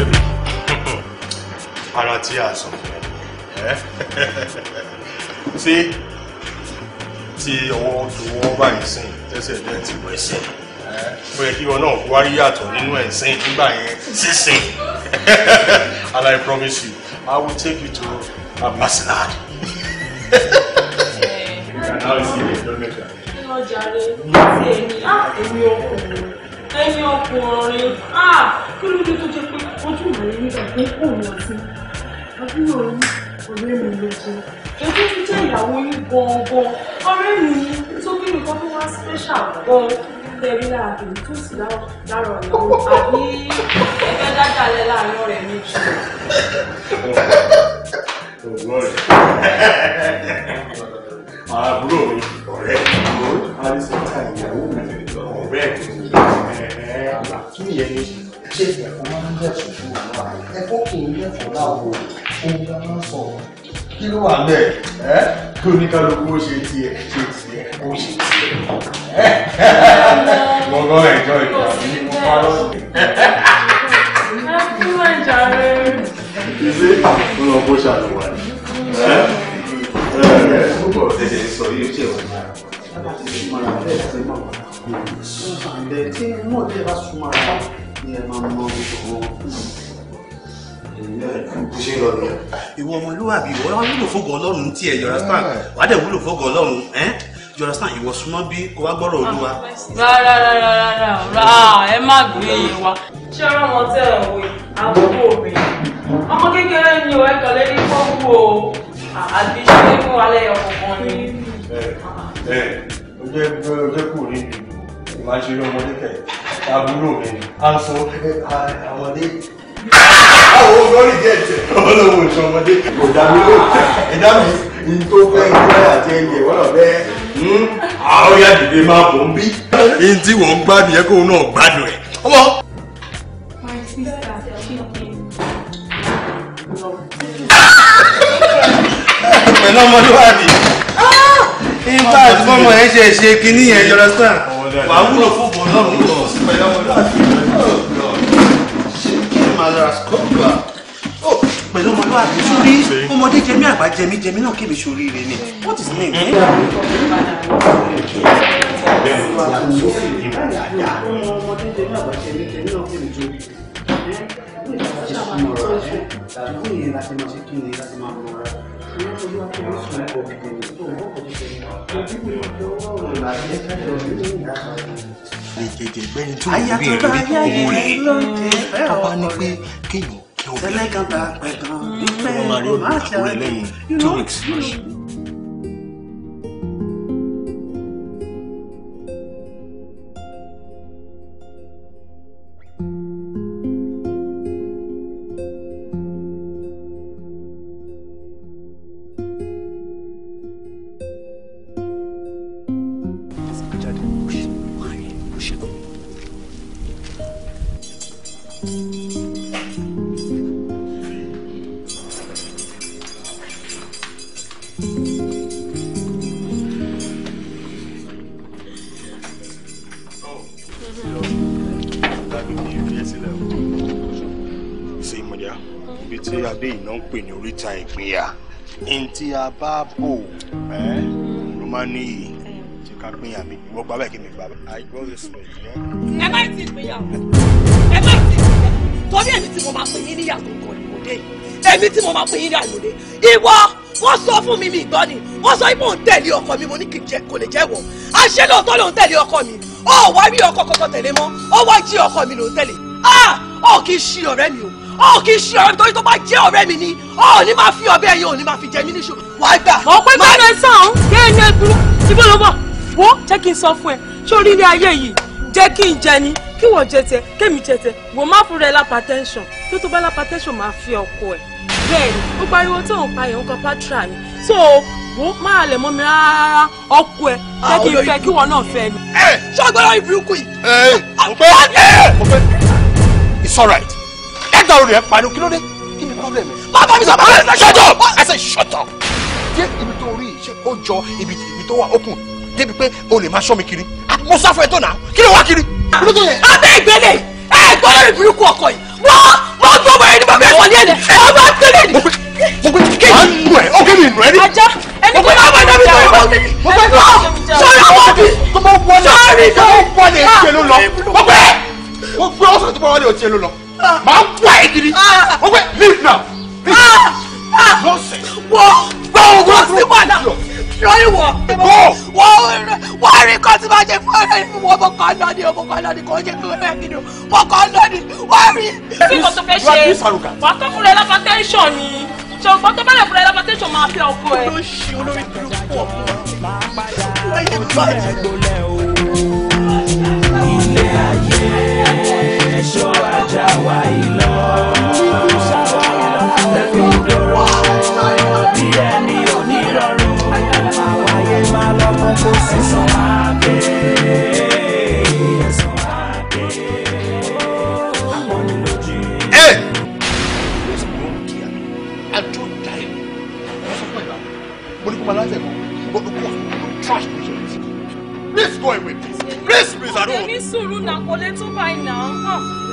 baby. ara tí a sọ fún ẹ [LAUGHS] ṣé ti ọwọ́ tọwọ́ báyìí sìn tẹ́sẹ̀ dẹ́ ti wẹ̀ sìn bó yẹ kí wọn náà wárí yàtọ̀ nínú ẹ̀ sìn nígbà yẹn sísìn [LAUGHS] and I promise you I will take you to Ambassador. [LAUGHS] ọjàre ti èmi á èmi ọkùnrin ẹ̀yin ọkùnrin á kí ló dé tó jẹ́ pé ojú ìwé mi àgbẹ̀kùnrin àti àbúrò mi ọ̀rẹ́ mi ló jẹ́ èyí tó jẹ́ ìyàwó yín gan-an ọ̀rẹ́ mi ni tó kí nǹkan tó wá special gan-an tẹ̀rí lára tèmi tó sì lára ìyàwó àbí ẹgbẹ́ dájàlẹ̀ láàrin ọ̀rẹ́ mi jù. àbúrò mi ọ̀rẹ́ mi ló á ní sọ́kà ìyàwó mi ọ̀rẹ́ mi kí nìyẹn ni ṣé ẹ̀fọ́ máa ń jẹ̀sùn fún àwọn ààyè ẹ̀fọ́ kì í jẹ̀fọ́ láwo ohun tá a máa ń sọ̀rọ̀ kí ló wà ńbẹ̀ ẹ́ kí oníkálukú ó ṣe tiẹ̀ ṣe tiẹ̀ ó ṣe tiẹ̀ gbọ́ngàn ẹ̀jọ́ ìjọ àbí mo bá lọ́sẹ̀. ìṣe ó lọ bó ṣàlùwà ni ẹ ẹ púpọ̀ tẹ̀lé sọ yóò ṣe wà ní ara wọn ìwọ ọmọlúwàbí ìwọ wá wúlò fógo Ọlọ́run tí ẹ yọrọ stan wà á dẹ̀ wúlò fógo Ọlọ́run ẹ yọrọ stan ìwọ súnmọ́ bí kò wá gbọ́rọ̀ Olúwa. rárá rárá rárá rárá ẹ má gbé e wá. ṣé ọ̀rọ̀ wọn tẹ ẹ wò mi ọmọ kékeré ni ò ẹkọ lẹni kó wù o àbí ṣe é mú alẹ́ ọkọ̀ ni. ẹ ẹ ọjọ́ kù níbi. My are máa ṣe irú ọmọdé kẹ àbúrò mi aṣọ ọmọdé. àwọn olórí jẹ ẹsẹ olówó ìṣọmọdé kò dá mi ló ẹ̀dá mi ní tó fẹ́ gbé àti ẹyẹ wọ́n lọ bẹ́ẹ̀ àwọn ya dìde máa bọ̀ ń bí. ẹni tí wọ́n ń gbádùn yẹ kóun náà gbádùn ẹ̀ ọmọ. pẹ̀lú ọmọlúwàbí nígbà tí fọ́mọ yẹn ṣe ṣe kinní yẹn yọrọ sàn wà á wúlò fún bọ̀ lọ́rùn lọ. pẹ̀lú ọmọlúwàbí sórí ọmọdé jẹmí àgbà jẹmí jẹmí náà kébì sórí rẹ ni what is name. Eh? ọmọdé jẹmí àgbà jẹmí jẹmí náà kébì sórí rẹ ni. Thank you lèjèjè gbẹ́ni tó ń rí ẹ̀rí owó rẹ̀ tọ́ba ní pé kéèyàn kí obìnrin wọn máa rí ọkùnrin lẹ́yìn two weeks. ibi tí adé iná ń pè ní oríta ìpínyà ní tí a bá bò ló máa ní iyì ṣe ká pínyà mi wọ́n gbá bẹ́ẹ̀ kí mi gbá bẹ́ẹ̀ i go this way. ẹ má ti ìpínyàwó ẹ má ti ìpínyàwó torí èmi tí mo máa pè yín níyàwó kan ìmọ̀dé èmi tí mo máa pè yín ní àlòdé ìwọ wọ́n sọ fún mi mi ìgbọ́ ni wọ́n sọ pé òun tẹ̀lé ọkọ mi mo ní kò lè jẹ́ wọ̀ àṣẹ lóòótọ́ lòun tẹ̀lé ọkọ mi ó wá rí ọkọ kọ̀ọ̀kan tẹ̀lé mọ́ ó wá jí ọkọ mi lòun tẹ̀lé ah ó kì í ṣí ọ̀rẹ́ mi o ó kì í ṣe ọ̀rẹ́ nítorí tó bá jẹ́ ọ̀rẹ́ mi ni ó ní máa fi ọbẹ̀ yẹn ò ní máa fi jẹ mí níṣu wàá gbà. ọ̀pẹ gbọ́dọ̀ ẹ sàn án kí ẹni ẹdùn síbí ló bọ̀ wo jẹ́ kí n sọ fún ẹ sórí ilé ayé yìí jẹ́ kí n jẹ ni kí wọ́n jẹ tẹ kémi jẹ tẹ wò má fúnra ẹ lápá tẹ́ńsọ̀n tó tó bá lápá tẹ́ńsọ̀n máa fi ọkọ ẹ̀ bẹ́ẹ̀ ni ó pariwo tó ń pa ìhun kan pátá ni so wo máa lẹ̀ mọ́ mi rárá ọkọ ẹ jẹ́ kí n fẹ́ kí wọ́n náà fẹ́ mi. ṣọ́gbọ́n ìbúrúkú yìí. ẹ ẹ it's all right látàrí rẹ̀ pariwo kí ló dé kí ni problem bàbá mi sọ bàbá mi sọ shut up I say shut up. ibi tó rí ṣé ó jọ ibi tó wà ókùn débi pé o lè máa ṣọ́ mi kiri mo sá fún ẹ tó nà kí ló wá kiri. abẹ́ ìgbélé ẹ gbọ́dọ̀ lè burúkú ọkọ yìí wọ́n wọ́n tó bọ̀ ẹni bàbá ẹ̀fọ́ ní ẹni ọba tẹ́lẹ̀ ni. mo gbé kí ni nù ẹ ó kí nù ẹ rí. ajá ẹni tó bá wà lábẹ́ ìgbà wọn mo gbé kí ni sọrí ọmọ mi tó bá wọlé tó bá wọlé ètò ló lọ mo gbé mo gbé ọ̀sán tó bá wọlé ètò ló lọ máa wà ẹ́ gidi ah. ó wẹ́ leave now wọ́n gbọ́ wọ́n sí padà lórí wọ́n wọ́n rí kan tí máa ṣe fún ní wọ́n bọ̀kọ́ náà ni ọmọkọ́ náà ni kò ṣe fún ẹ̀rẹ́ gidi bọ̀kọ́ náà ni wọ́n rí. bí kò tó fẹ́ ṣe wàá tó fúnra ẹ lọ́fà tẹ́ńsọ̀n ni ṣùgbọ́n tó bẹ̀rẹ̀ fúnra ẹ lọ́fà tẹ́ńsọ̀n máa fẹ́ ọkọ ẹ. olóṣì olórí dúró pọ̀ ẹ̀ṣọ́ ajá wa ìlọ. Lẹ́kùn dòrò bí ẹni onírọ̀rùn. Àwáyé máa lọ́mọ kó sì sàn máa gbé. Let's go away please please i don't. ọ̀rẹ́ ní sùúrù nàkọ́lé tó báyìí náà.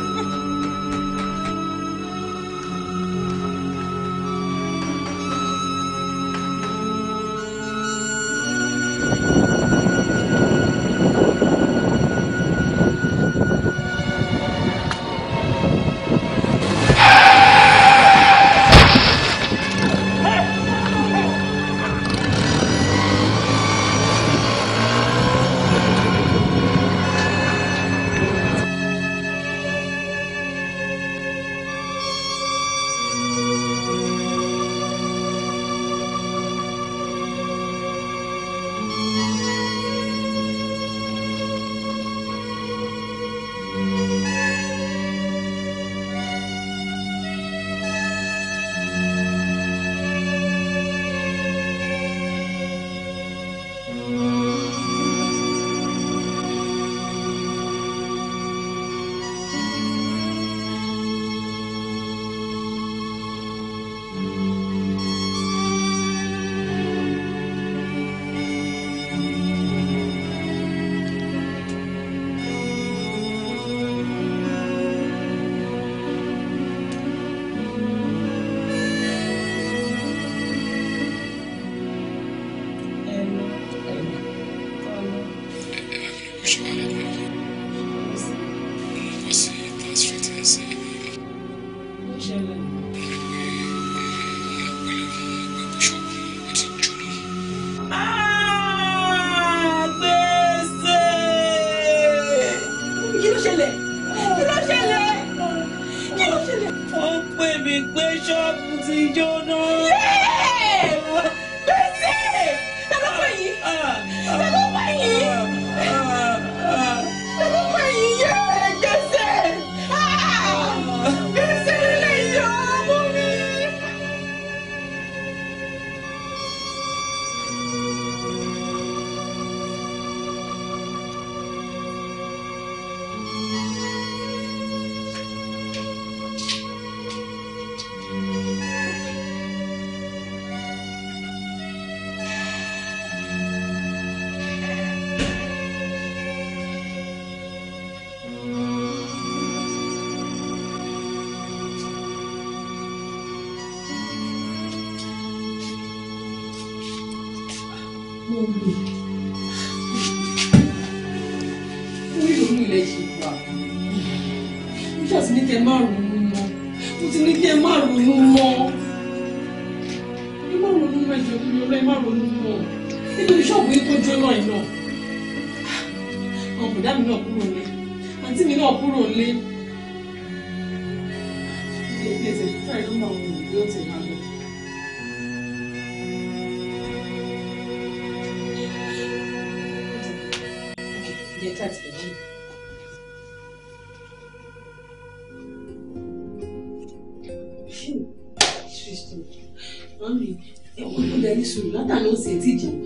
lè. Ìjọsìn ní kẹ márùn-ún. látàná ó sì ti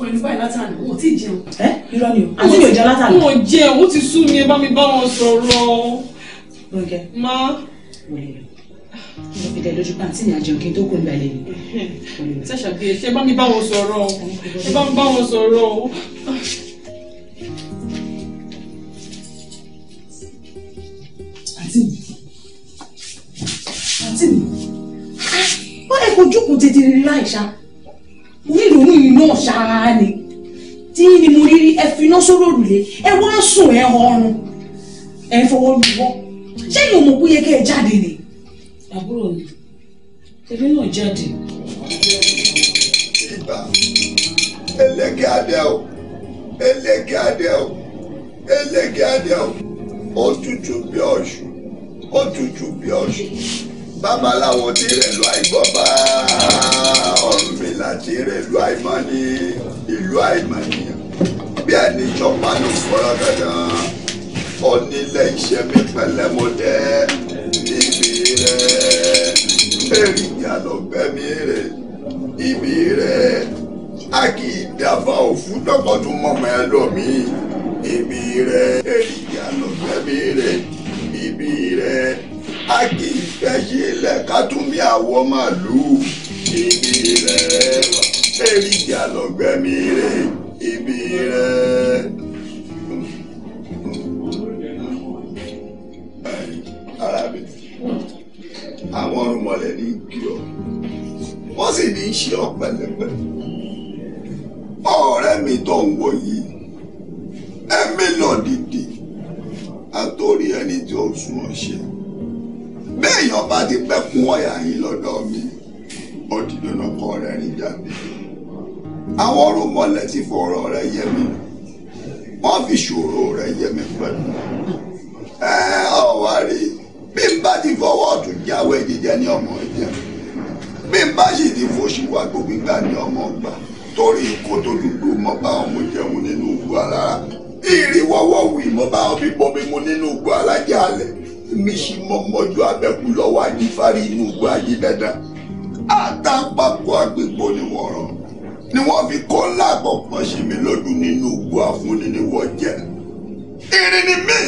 ọkùnrin ní báyìí látàní wọn ò tí ì jẹun. ẹ irọ́ ni o àti mi ò jẹ látàní. wọn ò jẹun ó ti sú mi ẹ bá mi bá wọn sọ̀rọ̀. lóńkẹ́ má. wọlé lọ mo fi tẹ lójú pàǹtí ní àjọ kí n tó kó nígbà lẹ́yìn. sẹ́sà bí ẹ ṣe bá mi bá wọn sọ̀rọ̀ ẹ bá mi bá wọn sọ̀rọ̀ àǹtí mi àǹtí mi ó lè kojú kun tètè rí láìsá ìdùnnú yìí náà ṣáá ni tí ni mo rí rí ẹ fi iná sórí òrùlé ẹ wá ń sùn ẹ ọrùn ẹ ń fọwọ́ lúwọ́ ṣé yóò mọ̀ pé yẹ kẹ́ ẹ jáde ni. àbúrò mi èmi náà jáde. ìgbà ẹlẹ́gẹ̀ adé o ẹlẹ́gẹ̀ adé o ẹlẹ́gẹ̀ adé o ó bí ọ̀ṣun ó tutù bí ọ̀ṣun babaláwo tí rẹ̀ lọ àìgbọ́ bá a. fọ́nrọ́gàdà onílẹ̀ iṣẹ́ mi pẹ̀lẹ́mọdẹ́ ibi rẹ̀ bẹ́ẹ̀rì ìyànà bẹ́mi rẹ̀ ibi rẹ̀ a kì í dáfà òfú dọ́kọ̀tún mọ̀mọ́ ẹ lómi ibi rẹ̀ bẹ́ẹ̀rì ìyànà bẹ́mi rẹ̀ ibi rẹ̀ a kì í fẹ́ yí ilẹ̀ ká tún bí àwọ̀ màlúù ibi rẹ̀ bẹ́ẹ̀rì ìyànà bẹ́mi rẹ̀ ibi rẹ̀. ara mi àwọn ọ̀rùnmọ̀lẹ̀ ní kí ọ wọ́n sì ní í ṣe ọ pẹ̀lẹ́pẹ̀lẹ́ ọ̀rẹ́ mi tó ń wò yìí ẹ̀mí lọ dìde àtòrí ẹni tí ó sùn ọ̀ṣẹ́ béèyàn bá ti pẹ́ kún ọ̀yà yìí lọ́dọ̀ mi ó ti dùnà kọ́ rẹ̀ rìn jáde àwọn ọ̀rùnmọ̀lẹ̀ ti fọ̀rọ̀ rẹ̀ yẹ mi wọ́n fi ṣòro rẹ̀ yẹ mi pẹ̀lú ẹ̀ ọ̀ wá rí i bí n bá ti fọwọ́ ọ̀tún jáwé jíjẹ ní ọmọ ìjẹ bí n bá sì ti fòṣì wá gbogbo ìgbà ní ọmọ ọgbà torí ikú tó dúdú mọ́ bá ọmọ jẹun nínú ògùn alára ìrìwọ́wọ́ wì mọ́ bá ọmọ ìbọmi mu nínú ògùn alájà alẹ̀ mi sì mọ́ mọ́jú abẹ́kù lọ́wọ́ àjífárí inú ògùn ayé dandan àtàpàkọ́ àgbègbò ni wọ́n rọ ni wọ́n fi kọ́ láàbọ̀ pọ̀ sí mi lọ́dún nínú ògùn àfúnni ni wọ́n jẹ́ irin ni mí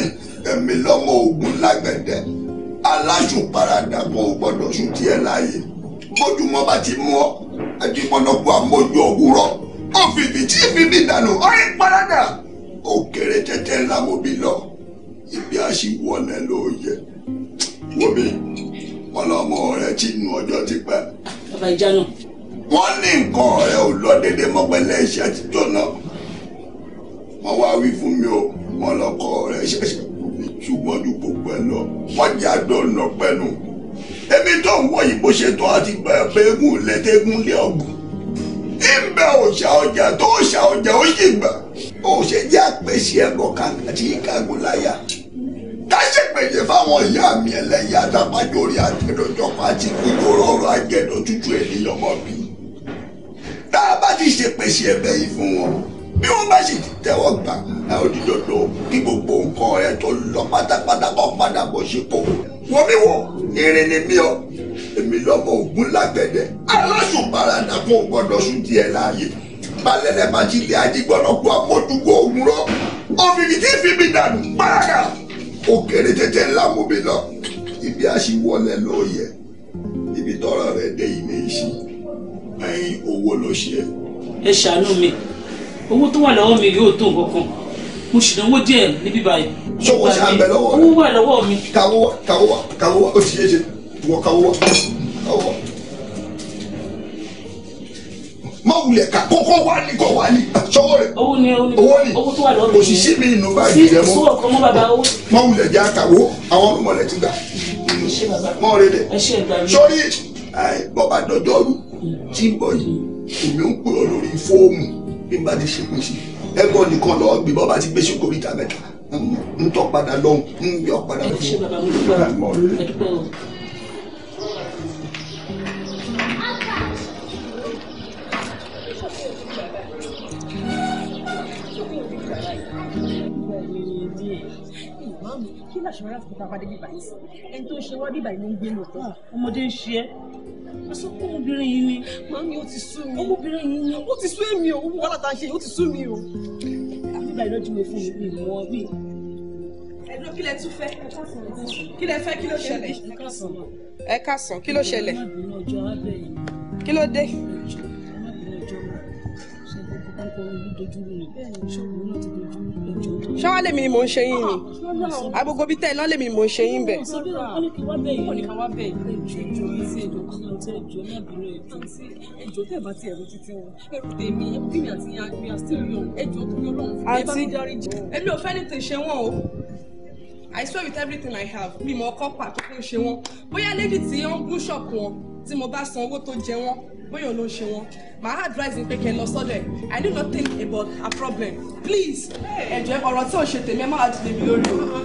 ẹ̀mí lọ́mọ ògùn lágbẹ̀dẹ̀ aláṣùparadà kò gbọdọ̀ sùn tiẹ̀ láàyè bójúmọ́ bá ti mú ọ àjẹpọ̀nàpọ̀ àmójú òwúrọ̀ ó tí ìbíbí dànù ọ̀rẹ́ paradà ó kéré tẹ́tẹ́ ńlá mo bí lọ ibi àṣìwọ̀nẹ ló yẹ wọ́bí wọn lọ́mọ rẹ ti nu ọjọ́ ti pẹ́. bàbá ìjà náà. wọ́n ní nǹkan ọ̀rẹ́ ò lọ déédéé mọ́ pẹ́lẹ́ iṣẹ́ àtijọ́ náà wọ́n wá wí fún mi o wọ́n lọ́kọ̀ ọ̀rẹ́ ṣẹ̀ṣẹ̀ ṣùgbọ́n ju gbogbo ẹ lọ wọ́n jẹ́ àdóònà pẹ́nu èmi tó ń wọ yìí bó ṣe tó àti bẹ̀rẹ̀ eégún létégún lé ọ̀gùn ìbẹ̀ òṣà ọjà tó òṣà ọjà ó sì gbà òṣè jẹ́ àpèsè ẹ̀gọ́ kan àti ìkàgùn láyà káṣẹ́pẹ̀yẹ fáwọn ìyá mi ẹlẹ́yà àtàpájórí àtẹnudọ́pọ̀ àti kújọ́rọ́ ọ̀rọ̀ àjẹdọ̀ tútù ènìyàn mọ́ tá a bá ti ṣèpèsè ẹ̀bẹ̀ yìí fún wọn bí wọ́n bá sì ti tẹ́wọ́ gbà ẹ ò ní dọ̀dọ̀ kí gbogbo nǹkan rẹ tó lọ pátápátá kan padà bọ̀ sípò wọ́n mi wọ̀ irin ni mí ọ èmi lọ́mọ ògún lágbẹ̀dẹ aláṣùn paradà fún gbọ́dọ̀ sùn tiẹ̀ láàyè balẹ̀lẹ̀ bá ti lé ajígbọ́nà kó àmójúgbò òun rọ òfìdí tí fi mi dànù pàràkà ó kéré tètè ńlá mú mi lọ ibi àṣìwọlẹ̀ ló yẹ ibi tọrọ rẹ dé ilé iṣẹ́ ẹyin owó ló ṣe. ẹ ṣàánú mi owó tó wà lọ́wọ́ mi yóò tó nǹkan kan mo sì náwó díẹ̀ níbí báyìí. sọ́wọ́ sí àgbẹ̀ lọ́wọ́ rẹ̀ owó wà lọ́wọ́ mi. kàwọ́ wa kàwọ́ wa kàwọ́ wa ó sì yé ṣe wọ kàwọ́ wa kàwọ́ wa. má wulẹ̀ ká kókó wá ní kó wá ní sọ́wọ́ rẹ̀ owó ni owó ni owó tó wà lọ́wọ́ mi. òṣìṣẹ́ mi inú báyìí rẹ̀ mọ́ sí sọ́wọ́ kan mọ́ bàbá owó. má wulẹ̀ já kàwọ́ àwọn ọmọlẹ̀ ti gbà. mọ́ rẹ̀ dẹ̀ sọ́rí bọ́ba bí n bá ti ṣe pèsè nìkan lọ gbé bọ́ bá ti gbèsè kórì ìta mẹ́ta n tọ́ padà lọ́hùn n yọ padà lọ́hùn. ẹ dúpẹ́ o ẹ dúpẹ́ o. ní assurance kó tàbá débi báyìí sí ẹni tó ṣe wá bíbá ìlú ń gbé lòtọ́ ah, ọmọdé ń ṣe é wọ́n sọ pé obìnrin yìí ni màmí ó ti sú mi ọmọbìnrin yìí ni ó ti sú èmi o wọ́n láta ṣe ó ti sú mi o. àbíbá ìlú ọdún mi fún mi mi mọ mi. ẹ̀dùn kí lẹ tún fẹ́ kí lẹ fẹ́ kí ló ṣẹlẹ̀. ẹ sàn kí ló ṣẹlẹ̀ kí ló dé ṣọwọ́ lèmi ni mò ń ṣe yín ni agogo bíi tẹ́ẹ̀ náà lèmi ni mò ń ṣe yín bẹ̀. àǹtí èmi ò fẹ́ ní tèṣe wọn o. I swear with everything I have mi mọ ọkọ pàtó kó ṣe wọn bóyá lady tí ó ń bú ṣọ̀pù wọn tí mo bá san owó tó jẹ wọn bóyá ló ń ṣe wọn my advice ni pé kẹ́ lọ sọ́dọ̀ ẹ̀ i do not think about her problem please ẹ̀jẹ̀ ọ̀rọ̀ tí ò ṣe tèmi ẹ má ti lè mi lórí o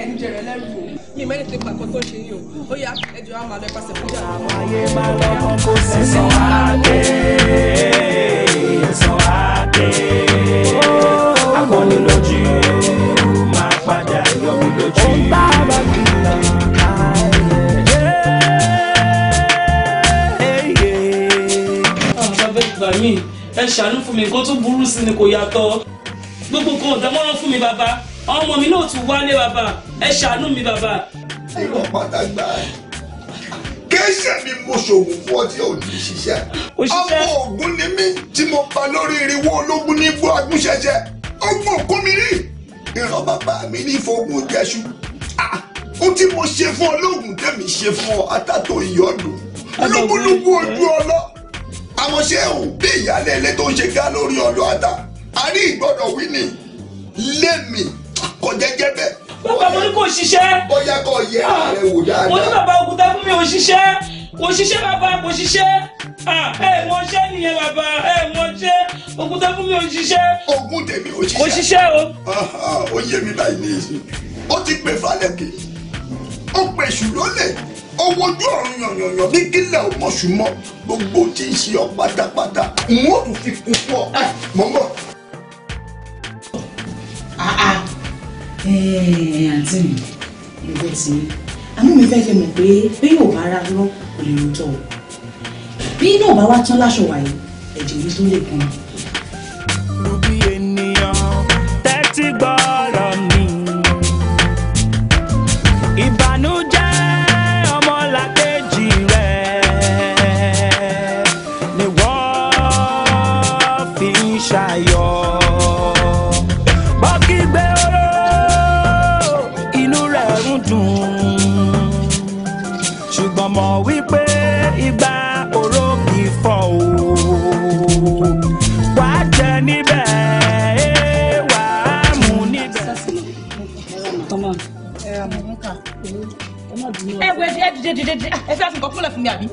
ẹ̀ ń jẹrẹ lẹ́rù o yìí mẹ́rin ti pàkọ́ tó ṣe yìí o ó yá ẹ̀jọ̀ á lọ ipasẹ̀ fún yàrá. àmàyé máa lọ kán kó sì sàn àdé sàn àdé akọni lójú. ẹ ṣàánú fún mi nǹkan tó burú sí ni kò yàtọ̀ gbogbo nǹkan ọ̀dàmọ́ràn fún mi bàbá àwọn ọmọ mi náà tún wálé bàbá ẹ ṣàánú mi bàbá. ìwọ̀n pàtàgbà kẹ́sẹ̀ mi mo ṣòwò fún ọtí òní ṣiṣẹ́ ọmọ ògùn ni mí tí mo pa lórí irinwó ológun ní igbó agúnṣẹṣẹ ọgbọ́n òkú mi rí ìran bàbá mi ní ìfowópamọ́ jẹ́ṣu ohun tí mo ṣe fún ọ lóògùn tẹ̀mí ṣe fún ọ atátó ìyọ́dún olúkúlùkù ojú ọlọ́ọ̀ àwọn ṣéhùn bí ìyáálé ilé tó ń ṣe ga lórí ọ̀dọ̀ àtà a rí ìgbọ́dọ̀ wí ni lémi kò jẹ́jẹ́ bẹ́ẹ̀. bàbá mo ní kò ṣiṣẹ́. bóyá kò yẹ ààrẹ wò dáadáa. mo bàbá òkúta fún mi ò ṣiṣẹ́ kò ṣiṣẹ́ bàbá kò ṣiṣẹ́ ẹ mọ ṣẹ́ nìyẹn bàbá ẹ mọ ṣẹ́ òkúta fún mi ò ṣiṣẹ́. ogún tèmi ò ṣiṣẹ́. kò ṣiṣẹ́ o. ó yé mi báyìí ní ìsìn ó ti pè falẹ̀ kì í ó pè ṣùlọ́lẹ̀ ó wojú ọ̀run yànyànyàn bí kílẹ̀ ọmọṣù mọ́ gbogbo tí ń ṣe ọ pátápátá n ó tún fi kún fún ọ ah. mọ́ mọ́. Ah, ah. eh, àǹtí mi ìgbẹ́ tí àmú mi fẹ́ẹ́ fi mọ̀ pé pé yóò bá ara lọ kò lè rò tọ̀ bí náà bá wá tán láṣọ wàyí ẹ̀jẹ̀ mi tó lè gan-an. ẹ dìde dìde dìde ẹ fi àtúntò kúnlẹ̀ fún mi àbí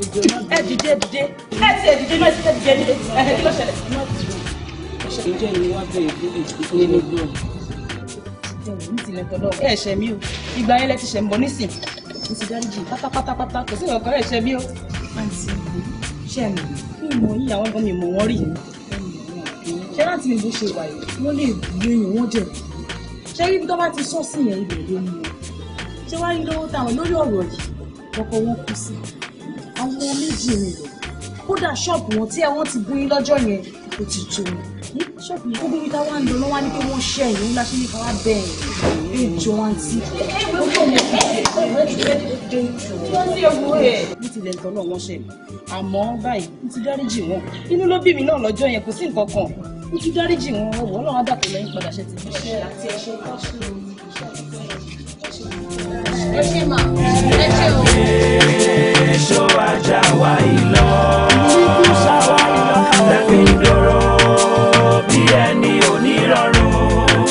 ẹ dìde dìde ẹ ti ẹ dìde náà ti ẹ dìde ní ẹ kí ló ṣẹlẹ̀. ìjẹ́ ni wọ́n bẹ̀rẹ̀ lórí ìpínlẹ̀ lọ́dọ̀ ẹ ṣe mí o ìgbà yẹn lẹ ti ṣe ń bọ nísìn mo ti dáríjì pátápátápátá kò sí ìwọ̀n ẹ ṣe mí o. àǹtí ṣe mi mi mọ yín àwọn gan mi mọ wọn rí ṣé láti ní bó ṣe wà yìí wọn lè lóyún wọn jẹ ṣé ibi tó bá ti sọ sí yẹn ibẹ̀ ló mú un ṣé wàá rí lọ́wọ́ táwọn lórí ọ̀rọ̀ yìí kọ́kọ́ wọ́n kú sí àwọn méjì ni kódà ṣọ́ọ̀bù wọn tí àwọn ti bú yín lọ́jọ́ yẹn kò ti tó ní ṣọ́ọ̀bù yìí gbogbo yìí táwọn ń lò lọ́wọ́ ní pé wọ́n ṣẹ́ ẹ̀yìn ńlá ṣe ní káwá bẹ́ẹ̀ ní ìjọ àǹtí ó tó mọ̀ ní tilẹ̀ ṣe àmọ́ báyìí ó ti dáríjì wọn inú ló bí mi náà lọ́jọ́ yẹn kò sí nǹkan kan ó ti dáríjì wọn ọlọ́run á lẹ́yìn padà ṣe ti fi ṣe àti ẹ̀ṣẹ̀ ẹ ṣe mà ẹ ṣe o. èso ajá wa ìlọ ṣàwa ìlọ lẹ́fìn dòrò bí ẹni onírọ̀rùn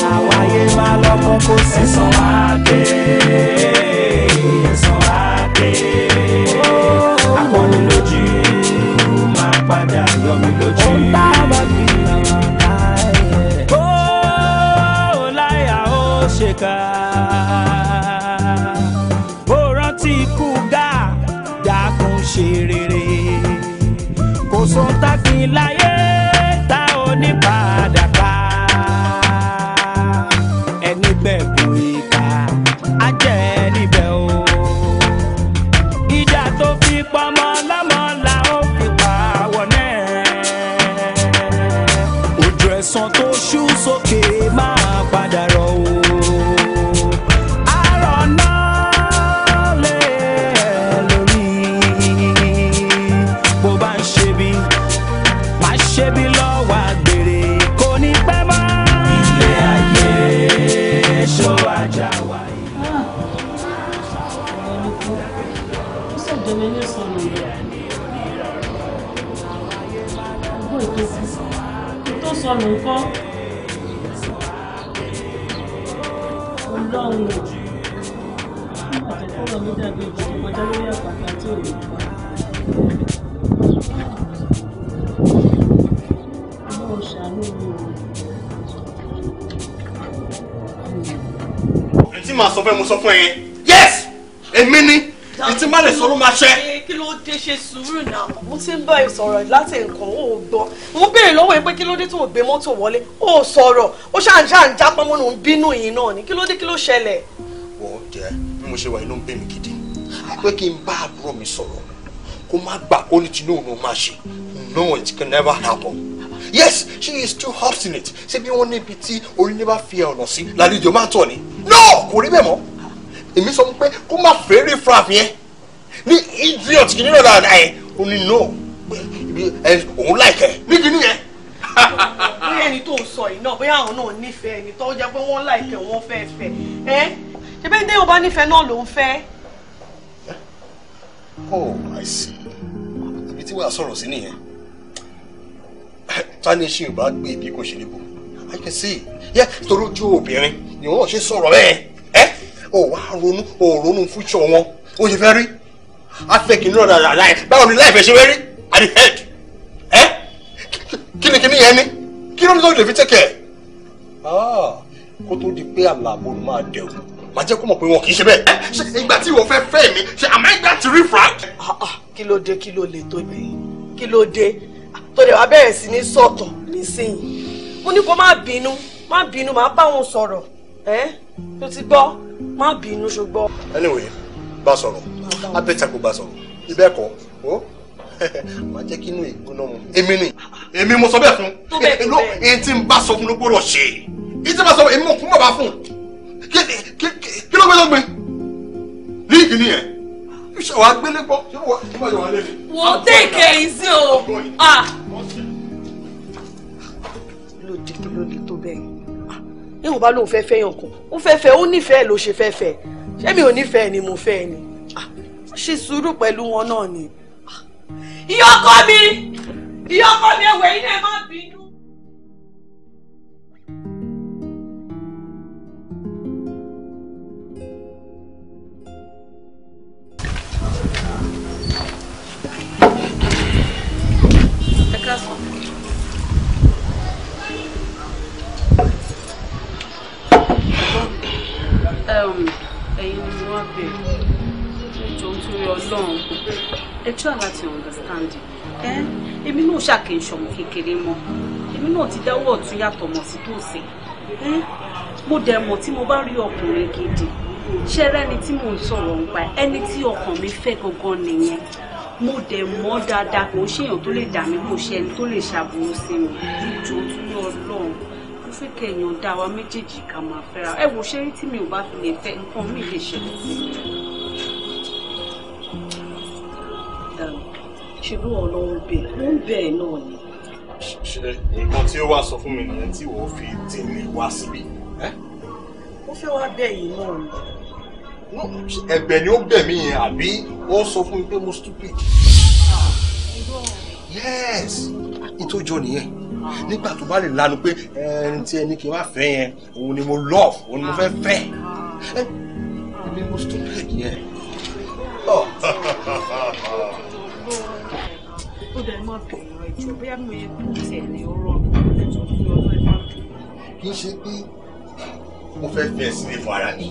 Life. ntí màá sọ fún mo sọ fún ẹ yes èmi ni ntí má lè sọ̀rọ̀ máa ṣẹ. kí ló dé ṣe sùúrù náà mo ti ń bá ẹ sọ̀rọ̀ láti nǹkan ó gbọ́ mo béèrè lọ́wọ́ ẹ pé kí ló dé tó gbé mọ́tò wọlé ó sọ̀rọ̀ ó ṣàǹṣà ń jápọ̀ mọ́nà ń bínú yìí náà ni kí ló dé kí ló ṣẹlẹ̀. wọ́n jẹ́ bí mo ṣe wà inú ń bẹ̀ mí gidi pé kí n bá àbúrò mi sọ̀rọ̀ kó má gbà kó ní tinú máa ṣe no it can never happen yes she is too obstinate ṣé bí wọ́n níbi tí orílẹ̀ bá fi ọ̀nà sí lálejò máa tọ̀ ni no kò rí bẹ́ẹ̀ mọ́ èmi sọ pé kó má fèrè fraf yẹn ní idiot kìíní náà dáadáa yẹn ó ní no òun láìkẹ́ ní kìíní yẹn bí ẹni tó ń sọ yìí náà bóyá àwọn náà nífẹ̀ẹ́ ẹni tó jẹ́ pé wọ́n láìpẹ́ wọ́n fẹ́ fẹ́ ẹ́ ṣe bẹ́ẹ̀ déyìn bá nífẹ̀ẹ́ náà ló ń fẹ́. oh i see ibi tí wàá sọ̀rọ̀ sí nìyẹn tánìṣì ò bá gbé ibi kò ṣe lè bò i can see yẹ torí ojú obìnrin ni wọn ṣe sọ̀rọ̀ bẹ́ẹ̀ ẹ ò wá ronú ò ronú fúnṣọ wọn ó ṣe fẹ́ rí afẹ́kì náà rárá láì báwo ni láì fẹ́ ṣe fẹ́ rí at the head ẹ kí ni kí ni yẹn ni kí ló ní lọ́dún èfi tẹ́kẹ̀ kó tó di pé àlàbò ló máa dẹ̀wò máa jẹ́ kó mọ̀ pé wọn kì í ṣe bẹ́ẹ̀. ṣe ìgbà tí ìwọ fẹ́ fẹ́ mi ṣe am I that to real Frank. Ah, ah, kí ló dé kí ló le tó kí ló dé tó dẹ̀ wá bẹ̀rẹ̀ sí ní sọ̀tàn nísìnyí mo ní kó má bínú má bínú má bá wọn sọ̀rọ̀ ẹ́ tó ti gbọ́ má bínú ṣùgbọ́n. anyway bá sọ̀rọ̀ abẹ́ta kò bá sọ̀rọ̀ ibẹ̀ kọ́ ó [LAUGHS] má jẹ́ kí inú ìgbóná mu. èmi ni èmi mo sọ bẹ́ẹ̀ fún un èyí tí n bá sọ fún ló gbọ́dọ̀ ṣe èyí tí n bá sọ èmi mo kún bàbá fún un kí ló gbé tó gbé líìkì nìyẹn ṣe wàá gbélé pọ̀ ṣé wọ́n ti máa yọ wá lẹ́lẹ̀. wò ó tẹ̀kẹ̀ ìsìn o. lòdì ah. lòdì tó bẹ́ẹ̀ ní ah, ìwọ̀nba lòun fẹ́ fẹ́yàn kan ó fẹ́ fẹ́ ó nífẹ̀ẹ́ ló ṣe fẹ́ fẹ́ ṣé mi ò nífẹ̀ẹ́ ni mo fẹ́ ni ah, ṣe sùúrù pẹ̀lú wọn náà ni. ìyá ọkọ mi ìyá ọkọ mi ẹwẹ́ ilé má bínú. transfer. ẹ̀yin ni wọ́n bẹ̀rẹ̀ ẹjọ́ nítorí ọlọ́run ẹ try láti understand ẹ èmi náà ṣàkíyèsí ọmọ kékeré mọ́ èmi náà ti dáwọ́ ọ̀tún yàtọ̀ mọ̀ sí tòsí mo dẹ̀ mọ̀ tí mo bá rí ọkùnrin gidi ṣẹ́rẹ́ni tí mò ń sọ̀rọ̀ ń pa ẹni tí ọkàn mi fẹ́ gangan nìyẹn mo dẹ̀ mọ́ dáadáa kò ṣe èèyàn tó lè dà mí kò ṣe ẹni tó lè ṣàbùrù sí mi ìjọ tó ní ọlọ́run mo fẹ́ kẹ́ dá wa méjèèjì ká máa fẹ́ra ẹ wò ṣé tí mi ò bá fi lè fẹ́ nǹkan mi lè ṣẹlẹ̀ sí mi. ṣùgbọ́n ọlọ́run bẹ̀ ló ń bẹ̀ náà ni. nǹkan tí ó wá sọ fún mi nìyẹn tí wọ́n fi tì mí wá síbí. ó fẹ́ wá bẹ́ẹ̀ yìí náà ni ẹ̀bẹ̀ ni ó bẹ̀ mí yẹn àbí ó sọ fún mi pé mo stupid. yes ìtòjọ nìyẹn nígbà tó bá lè lanu pé ẹni tí ẹni kì í má fẹ́ yẹn òun ni mo love òun ni mo fẹ́ fẹ́ ẹni mo stupid yẹn. Oh. ó dẹ̀ máa bẹ̀rẹ̀ ìjọ bóyá kì í ṣe pé mo fẹ́ fẹ́ sílé fún ara mi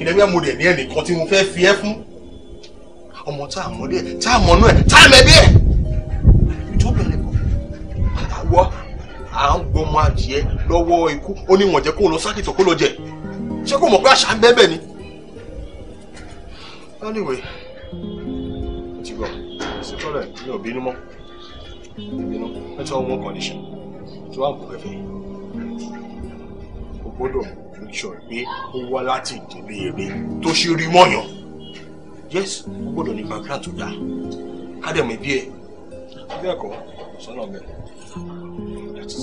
ìdẹ́gbẹ́ mo dẹ̀ ní ẹnìkan tí mo fẹ́ fi ẹ́ fún ọmọ tá a mọ̀ dẹ̀ tá a mọ̀ nú ẹ̀ tá a mẹ̀ bí ẹ̀ ìjọbìnrin àwọ̀ à ń gbọmọ adìẹ lọ́wọ́ ikú ó ní wọ̀n jẹ́ kó lọ sákìtọ̀ kó lọ jẹ ṣé kò mọ̀ pé àṣà ń bẹ́ẹ̀ ni. anyway ti gbọ́ sí tọ́lẹ̀ mi ò bínú mọ́ bínú mẹ́tọ́ one condition tí wàá bù kẹfẹ́ ògbódò sure pé ó wá láti ìdílé eré tó ṣe rí mọ̀yàn yes ó gbọ́dọ̀ ní background tó dáa kádẹ̀mọ̀ ẹbí ẹ bẹ́ẹ̀ kọ́ sọ́nà bẹ́ẹ̀.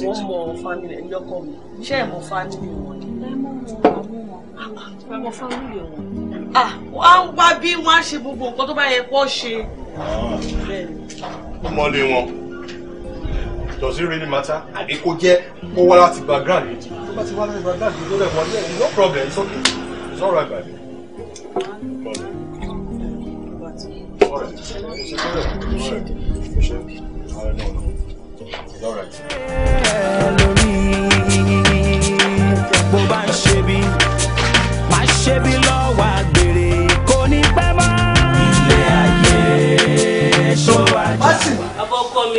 wọ́n mọ family ẹni ọkọ mi iṣẹ́ ẹ̀ mọ family wọn ni. ẹ mọ ah, family wọn. ah wọ́n á wá bí wọ́n á ṣe gbogbo nǹkan tó bá yẹ kó ṣe. Ah. bẹ́ẹ̀ wọn does it really matter àbí kó jẹ́ kó wá láti background méjì tó bá ti wá láti background méjì lọ́dọ̀ ẹ̀fọn yẹn no problem it's okay it's all right by me. All right. It's all right.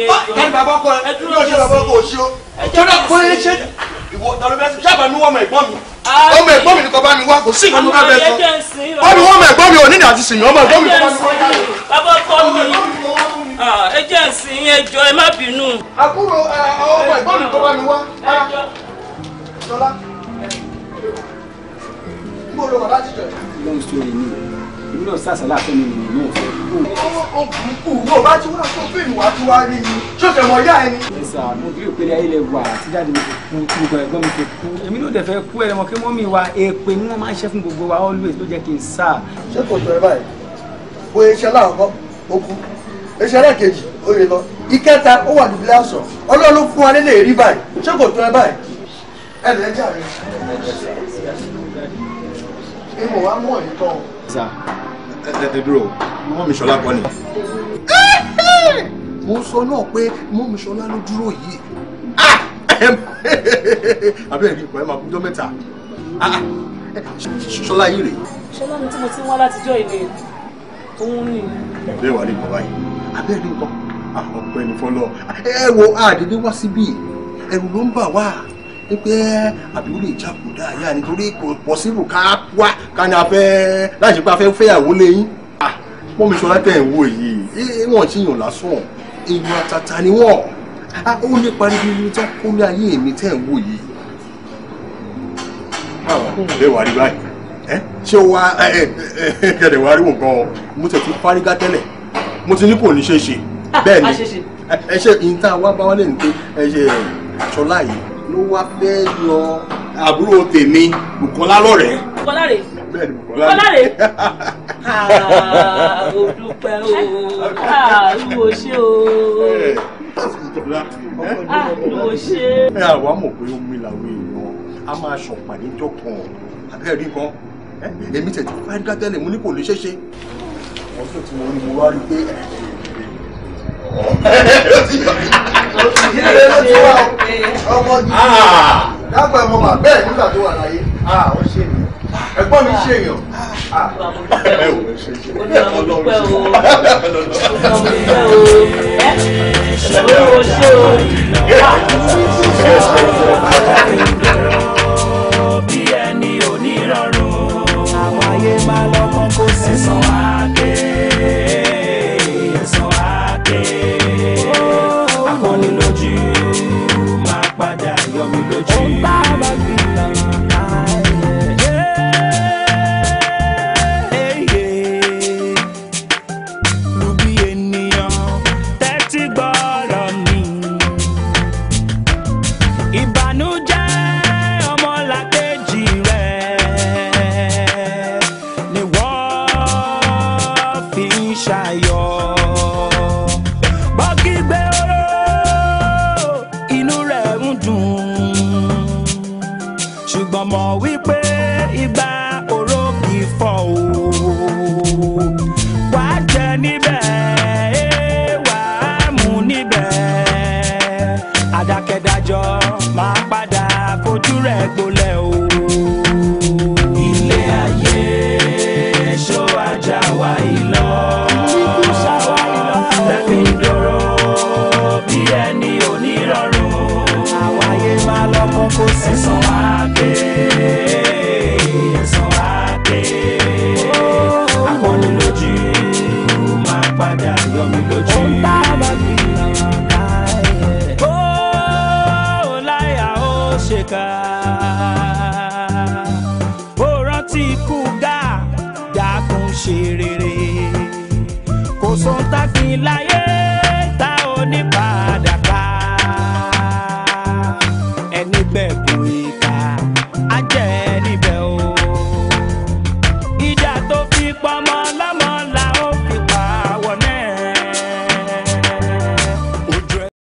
tani ah, bàbá ọkọ rẹ ẹdúró ṣe bàbá ọkọ òṣìṣẹ́ o torí ọkọ rẹ ṣe ìwọ tàlóbẹ́sì sábà ní wọ́n mọ̀ ẹ̀gbọ́n mi ah. ọmọ ẹ̀gbọ́n mi nìkan bá mi wá kò sí ìkànnì bá bẹ sọ ọmọ wọn mọ mi ò nídìí àti sìn ọmọ ẹ̀gbọ́n mi nìkan bá mi wá. bàbá ọkọ mi ah, ẹ jẹ́ ìsìn yẹn ẹ má bínú. àbúrò ọmọ ẹ̀gbọ́n mi nìkan bá mi wá. ṣọlá ń bọ̀ lọ́wọ́ láti jẹ. long story ni ìlú náà sàṣàlà fẹ́mi nìyẹn náà fẹ́ èmi ló dẹ̀ fẹ́ kú ẹ̀rọ mọ̀ kí mọ́mí wa èpè ni wọ́n máa ṣe fún gbogbo wa always ló jẹ́ kí n sà. ṣé kò tó ẹ báyìí o yẹ láàkọ́ o kú iṣẹ́ lẹ́ẹ̀kejì o yẹ lọ ìkẹta ó wà níbi láṣọ ọlọ́run fún wa nílé èrí báyìí ṣé kò tó ẹ báyìí ẹ lẹ́jà rẹ̀ ìmọ̀ wa mọ̀ ìtọ́ ẹ dúró mú mi ṣọlá kọ́ ni. mo sọ náà pé mú mi ṣọlá ló dúró yìí ah! [LAUGHS] abẹ́rẹ́ ní ìpọ̀ ẹ̀ máa kújọ́ mẹ́ta ah, ah. ṣọlá yìí rèé. ṣọlá mi tí mo ti ń wá látijọ́ ìdè òun ni. ẹ̀bẹ́ wà ní ìpọ̀ báyìí abẹ́rẹ́ ní ìpọ̀ ọ̀pẹ ní fọlọ́ ẹ wo àdédé wá síbí ẹ̀rù ló ń bà wá pé àbíwò lè jàpòdà nítorí kò pọ̀sibù ká wá ká ní afẹ́ láì ṣe afẹ́ fẹ́yàwó lẹ́yìn ah, mọ́mí ṣọlá tẹ̀ ń wò yìí wọ́n ti yàn lásán èèyàn àtàtà ni wọ́n ah, ó nípa níbi ibi tó kó ní ayé mi tẹ̀ ń wò yìí. Ah, ẹ wà rí báyìí ṣé wa kẹ̀dẹ̀ wá rí gan mo tẹ̀ fi fárígá tẹ́lẹ̀ mo ti ní kò ní ṣe é ṣe bẹ́ẹ̀ ni ẹ ṣe ìyìn tá a wá bá ní pé ẹ ṣe ṣọlá yìí ló wá fẹ́ lọ àbúrò tèmi Bùkọ́lá lọ́rẹ̀ẹ́. Bùkọ́lá rèé bẹ́ẹ̀ ni Bùkọ́lá rèé. ó dúpẹ́ o ìwò ṣe o. ìwò ṣe. ẹ àwa mọ̀ pé omi làwọn èèyàn a máa ṣọ̀pàdé jọ kan abẹ́ rí kan èmi tẹ̀ tí fáin dátẹ́lẹ̀ mo ní kò lè ṣe ṣe. ọ̀sẹ̀ tí wọ́n ní mo wá rí pé ilé rẹ ló ti wá ọmọ gidi dápẹ́ ọmọ mà bẹ́ẹ̀ nígbà tó wà láyé ó ṣe èèyàn ẹ̀gbọ́n mi ṣe èèyàn. ó ní